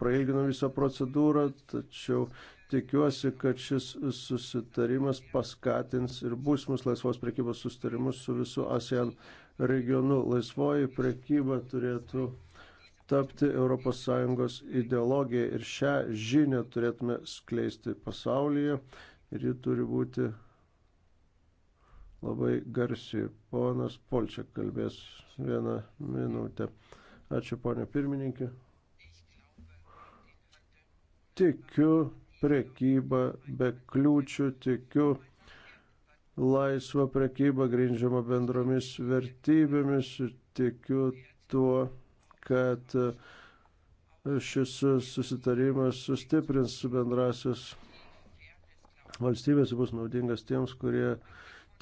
prailgino visą procedūrą, tačiau Tikiuosi, kad šis susitarimas paskatins ir būsimus laisvos prekybos susitarimus su visu ASEAN regionu. Laisvoji prekyba turėtų tapti ES ideologija ir šią žinią turėtume skleisti pasaulyje ir ji turi būti labai garsiai. Ponas Polčiak kalbės vieną minutę. Ačiū, ponė pirmininkė. Tikiu prekybą be kliūčių, tikiu laisvą prekybą grindžiamą bendromis vertybėmis, tikiu tuo, kad šis susitarimas sustiprins bendrasis valstybės bus naudingas tiems, kurie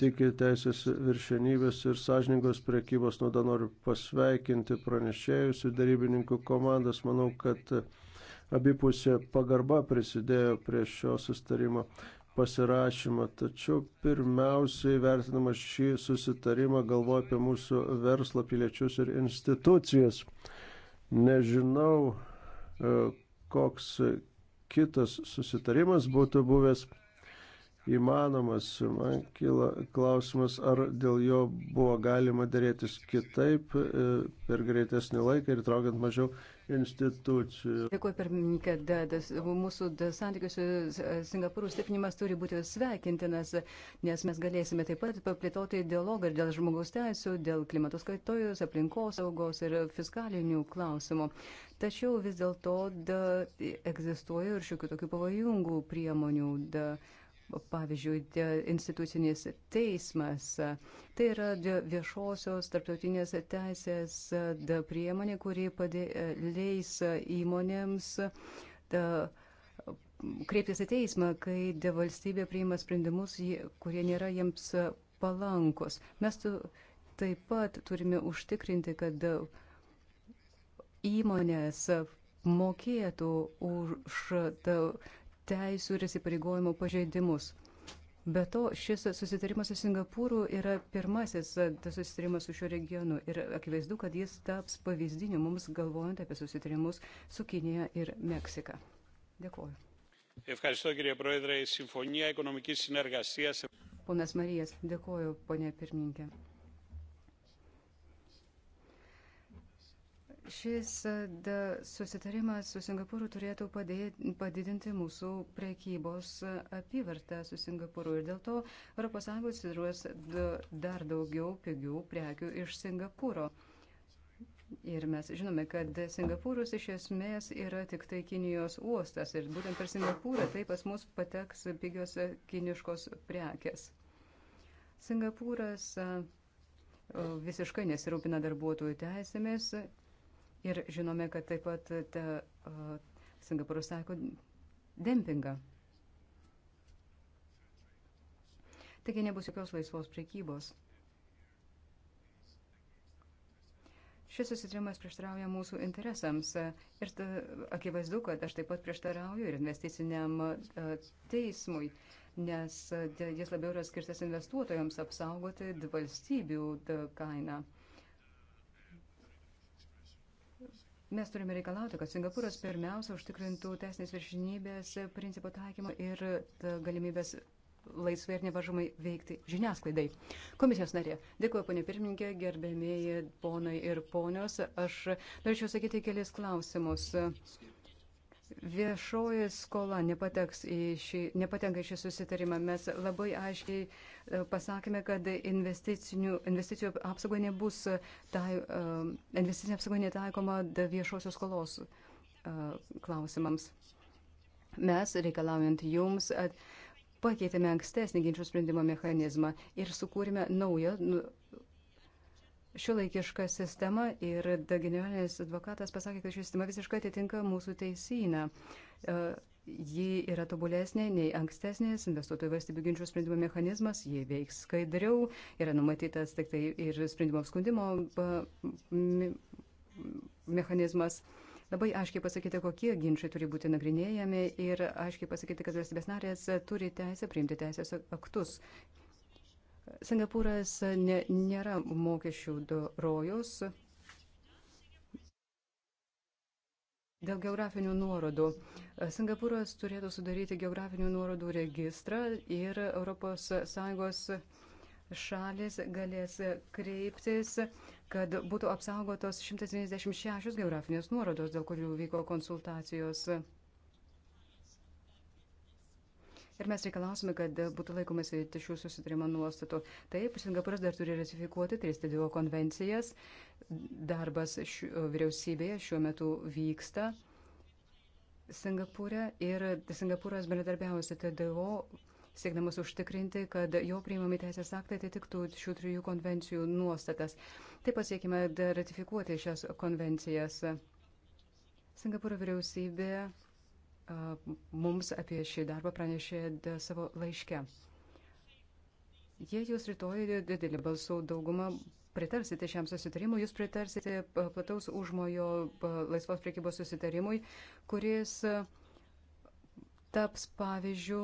tiki teisės viršenybės ir sąžiningos prekybos. Nuo to noriu pasveikinti pranešėjus ir darybininkų komandas. Manau, kad abipusė pagarba prisidėjo prie šio sustarimo pasirašymą. Tačiau pirmiausiai vertinamas šį susitarimą galvoju apie mūsų verslą, piliečius ir institucijas. Nežinau, e, koks kitas susitarimas būtų buvęs įmanomas. Man kyla klausimas, ar dėl jo buvo galima dėrėtis kitaip e, per greitesnį laiką ir traukiant mažiau institucijų. Dėkuoju, pirmininkė, mūsų santykių su Singapūru stiprinimas turi būti sveikintinas, nes mes galėsime taip pat paplėtoti dialogą ir dėl žmogaus teisų, dėl klimatos kaitojus, aplinkos saugos ir fiskalinių klausimų. Tačiau vis dėlto egzistuoja ir šiokių tokių pavojingų priemonių. Da, pavyzdžiui, institucinis teismas. Tai yra viešosios tarptautinės teisės priemonė, kuri padė, e, leis įmonėms da, kreiptis į teismą, kai valstybė priima sprendimus, kurie nėra jiems palankus. Mes tu, taip pat turime užtikrinti, kad įmonės mokėtų už ta, teisų ir įsipareigojimų pažeidimus. Be to, šis susitarimas su Singapūru yra pirmasis susitarimas su šiuo regionu ir akivaizdu, kad jis taps pavyzdiniu mums galvojant apie susitarimus su Kinija ir Meksika. Dėkuoju. Ponas Marijas, dėkuoju, ponė pirmininkė. Šis e, susitarimas su Singapūru turėtų padėti, padidinti mūsų priekybos e, apyvartą su Singapūru ir dėl to ES atsiduos dar daugiau pigių prekių iš Singapūro. Ir mes žinome, kad Singapūras iš esmės yra tik tai Kinijos uostas ir būtent per Singapūrą taip pas mus pateks pigios kiniškos prekes. Singapūras e, visiškai nesirūpina darbuotojų teisėmis Ir žinome, kad taip pat e, ta, uh, Singapūras taiko dempingą. Taigi nebus jokios laisvos priekybos. Šis susitrimas prieštarauja mūsų interesams e, ir ta, akivaizdu, kad aš taip pat prieštarauju ir investiciniam uh, teismui, nes uh, jis labiau yra skirtas investuotojams apsaugoti valstybių kainą. Mes turime reikalauti, kad Singapūras pirmiausia užtikrintų teisinės viršinybės principų taikymą ir e, galimybės laisvai ir nevažomai veikti žiniasklaidai. Komisijos narė, dėkuoju ponė pirmininkė, gerbėmėjai ponai ir ponios. Aš norėčiau sakyti kelis klausimus. Viešoji skola šį, nepatenka į šį susitarimą. Mes labai aiškiai e, pasakėme, kad investicijų apsauga nebus, tai, e, investicinė apsauga netaikoma viešosios skolos e, klausimams. Mes, reikalaujant jums, pakeitėme ankstesnį ginčių sprendimo mechanizmą ir sukūrėme naują nu, šiuolaikišką sistemą ir generalinis advokatas pasakė, kad ši sistema visiškai atitinka mūsų teisyną. E, ji yra tobulesnė nei ankstesnės investuotojų valstybių ginčių sprendimo mechanizmas, ji veiks skaidriau, yra numatytas tik tai ir sprendimo skundimo mechanizmas labai aiškiai pasakyti, kokie ginčiai turi būti nagrinėjami ir aiškiai pasakyti, kad valstybės narės turi teisę priimti teisės aktus Singapūras ne, nėra mokesčių rojus Dėl geografinių nuorodų. Singapūras turėtų sudaryti geografinių nuorodų registrą ir ES šalis galės kreiptis, kad būtų apsaugotos 196 geografinės nuorodos, dėl kurių vyko konsultacijos. Ir mes reikalausime, kad būtų laikomasi šių susitarimo nuostatų. Taip, Singapūras dar turi ratifikuoti tris TDO konvencijas. Darbas šiu, vyriausybėje šiuo metu vyksta Singapūrė ir Singapūras bendradarbiausi TDO siekdamas užtikrinti, kad jo priimami teisės aktai atitiktų šių trijų konvencijų nuostatas. Taip pasiekime ratifikuoti šias konvencijas. Singapūro vyriausybė mums apie šį darbą pranešė savo laiške. Jei jūs rytoj didelį balsų daugumą pritarsite šiam susitarimui, jūs pritarsite plataus užmojo laisvos priekybos susitarimui, kuris taps pavyzdžių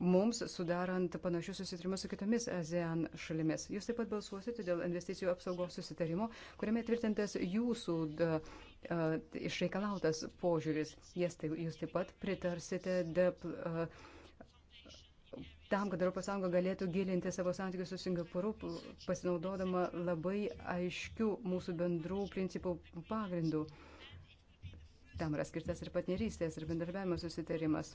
mums sudarant panašius susitarimus su kitomis ASEAN šalimis. Jūs taip pat balsuosite dėl investicijų apsaugos susitarimo, kuriame tvirtintas jūsų uh, išreikalautas požiūris. Yes, tai, jūs taip pat pritarsite de, uh, tam, kad ES galėtų gilinti savo santykius su Singapūru, pasinaudodama labai aiškių mūsų bendrų principų pagrindų. Tam yra skirtas ir partnerystės, ir bendarbiavimo susitarimas.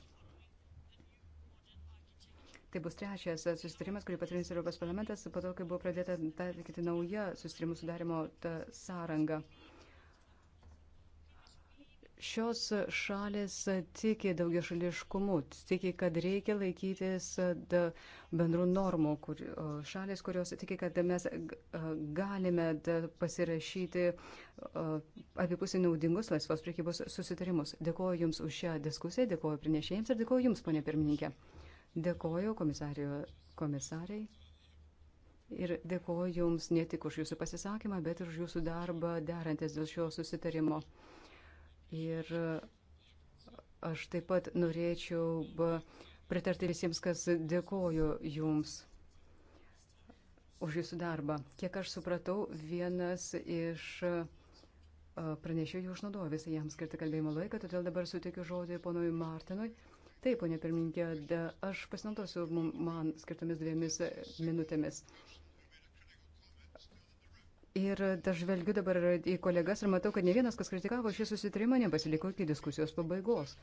Tai bus trečias susitarimas, kurį patvirtins Europos parlamentas, po to, kai buvo pradėta taikyti nauja susitarimų sudarimo sąranga. Šios šalis tiki daugia šališkumu, tiki, kad reikia laikytis e, bendrų normų. Kur, e, šalis, kurios tiki, kad mes e, galime pasirašyti abipusiai naudingus laisvos priekybos susitarimus. Dėkuoju Jums už šią diskusiją, dėkuoju prinešėjams ir dėkuoju Jums, ponė pirmininkė. Dėkuoju komisariai. Ir dėkuoju Jums ne tik už Jūsų pasisakymą, bet ir už Jūsų darbą derantis dėl šio susitarimo. Ir aš taip pat norėčiau pritarti visiems, kas dėkoju jums už jūsų darbą. Kiek aš supratau, vienas iš pranešėjų išnaudojo visą jam skirtą kalbėjimo laiką, todėl dabar suteikiu žodį ponui Martinui. Taip, ponė pirmininkė, aš pasinaudosiu man skirtomis dviemis minutėmis. Ir aš žvelgiu dabar į kolegas ir matau, kad ne vienas, kas kritikavo šį susitarimą, nepasiliko iki diskusijos pabaigos.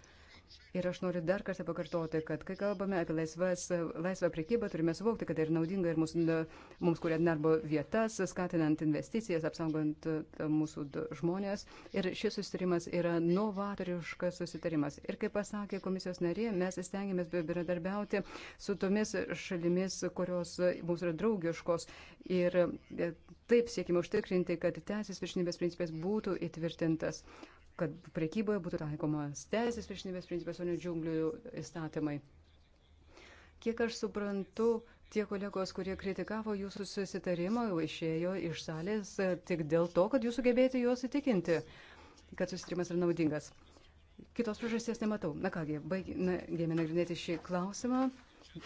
Ir aš noriu dar kartą pakartoti, kad kai kalbame apie laisvas, laisvą prekybą, turime suvokti, kad tai yra naudinga ir mūsų, mums kuriant darbo vietas, skatinant investicijas, apsaugant e, mūsų žmonės. Ir šis susitarimas yra novatoriškas susitarimas. Ir kaip pasakė komisijos narė, mes stengiamės bendradarbiauti su tomis šalimis, kurios mums yra draugiškos. Ir e, taip siekime užtikrinti, kad teisės viršinybės principas būtų įtvirtintas kad priekyboje būtų taikomas teisės viršinybės principas, o ne džiunglių įstatymai. Kiek aš suprantu, tie kolegos, kurie kritikavo jūsų susitarimą, išėjo iš salės e, tik dėl to, kad jūs sugebėjote juos įtikinti, kad susitarimas yra naudingas. Kitos priežasties nematau. Na kągi, baigėme nagrinėti šį klausimą.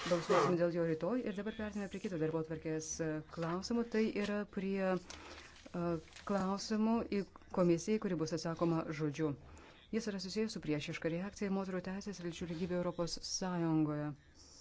Balsuosime dėl jo rytoj ir dabar perėsime prie kito darbo atvarkės e, klausimų. Tai yra prie uh, klausimų, į komisijai, kuri bus atsakoma žodžiu. Jis yra susijęs su priešiška reakcija moterų teisės ir lyčių lygybė Europos Sąjungoje.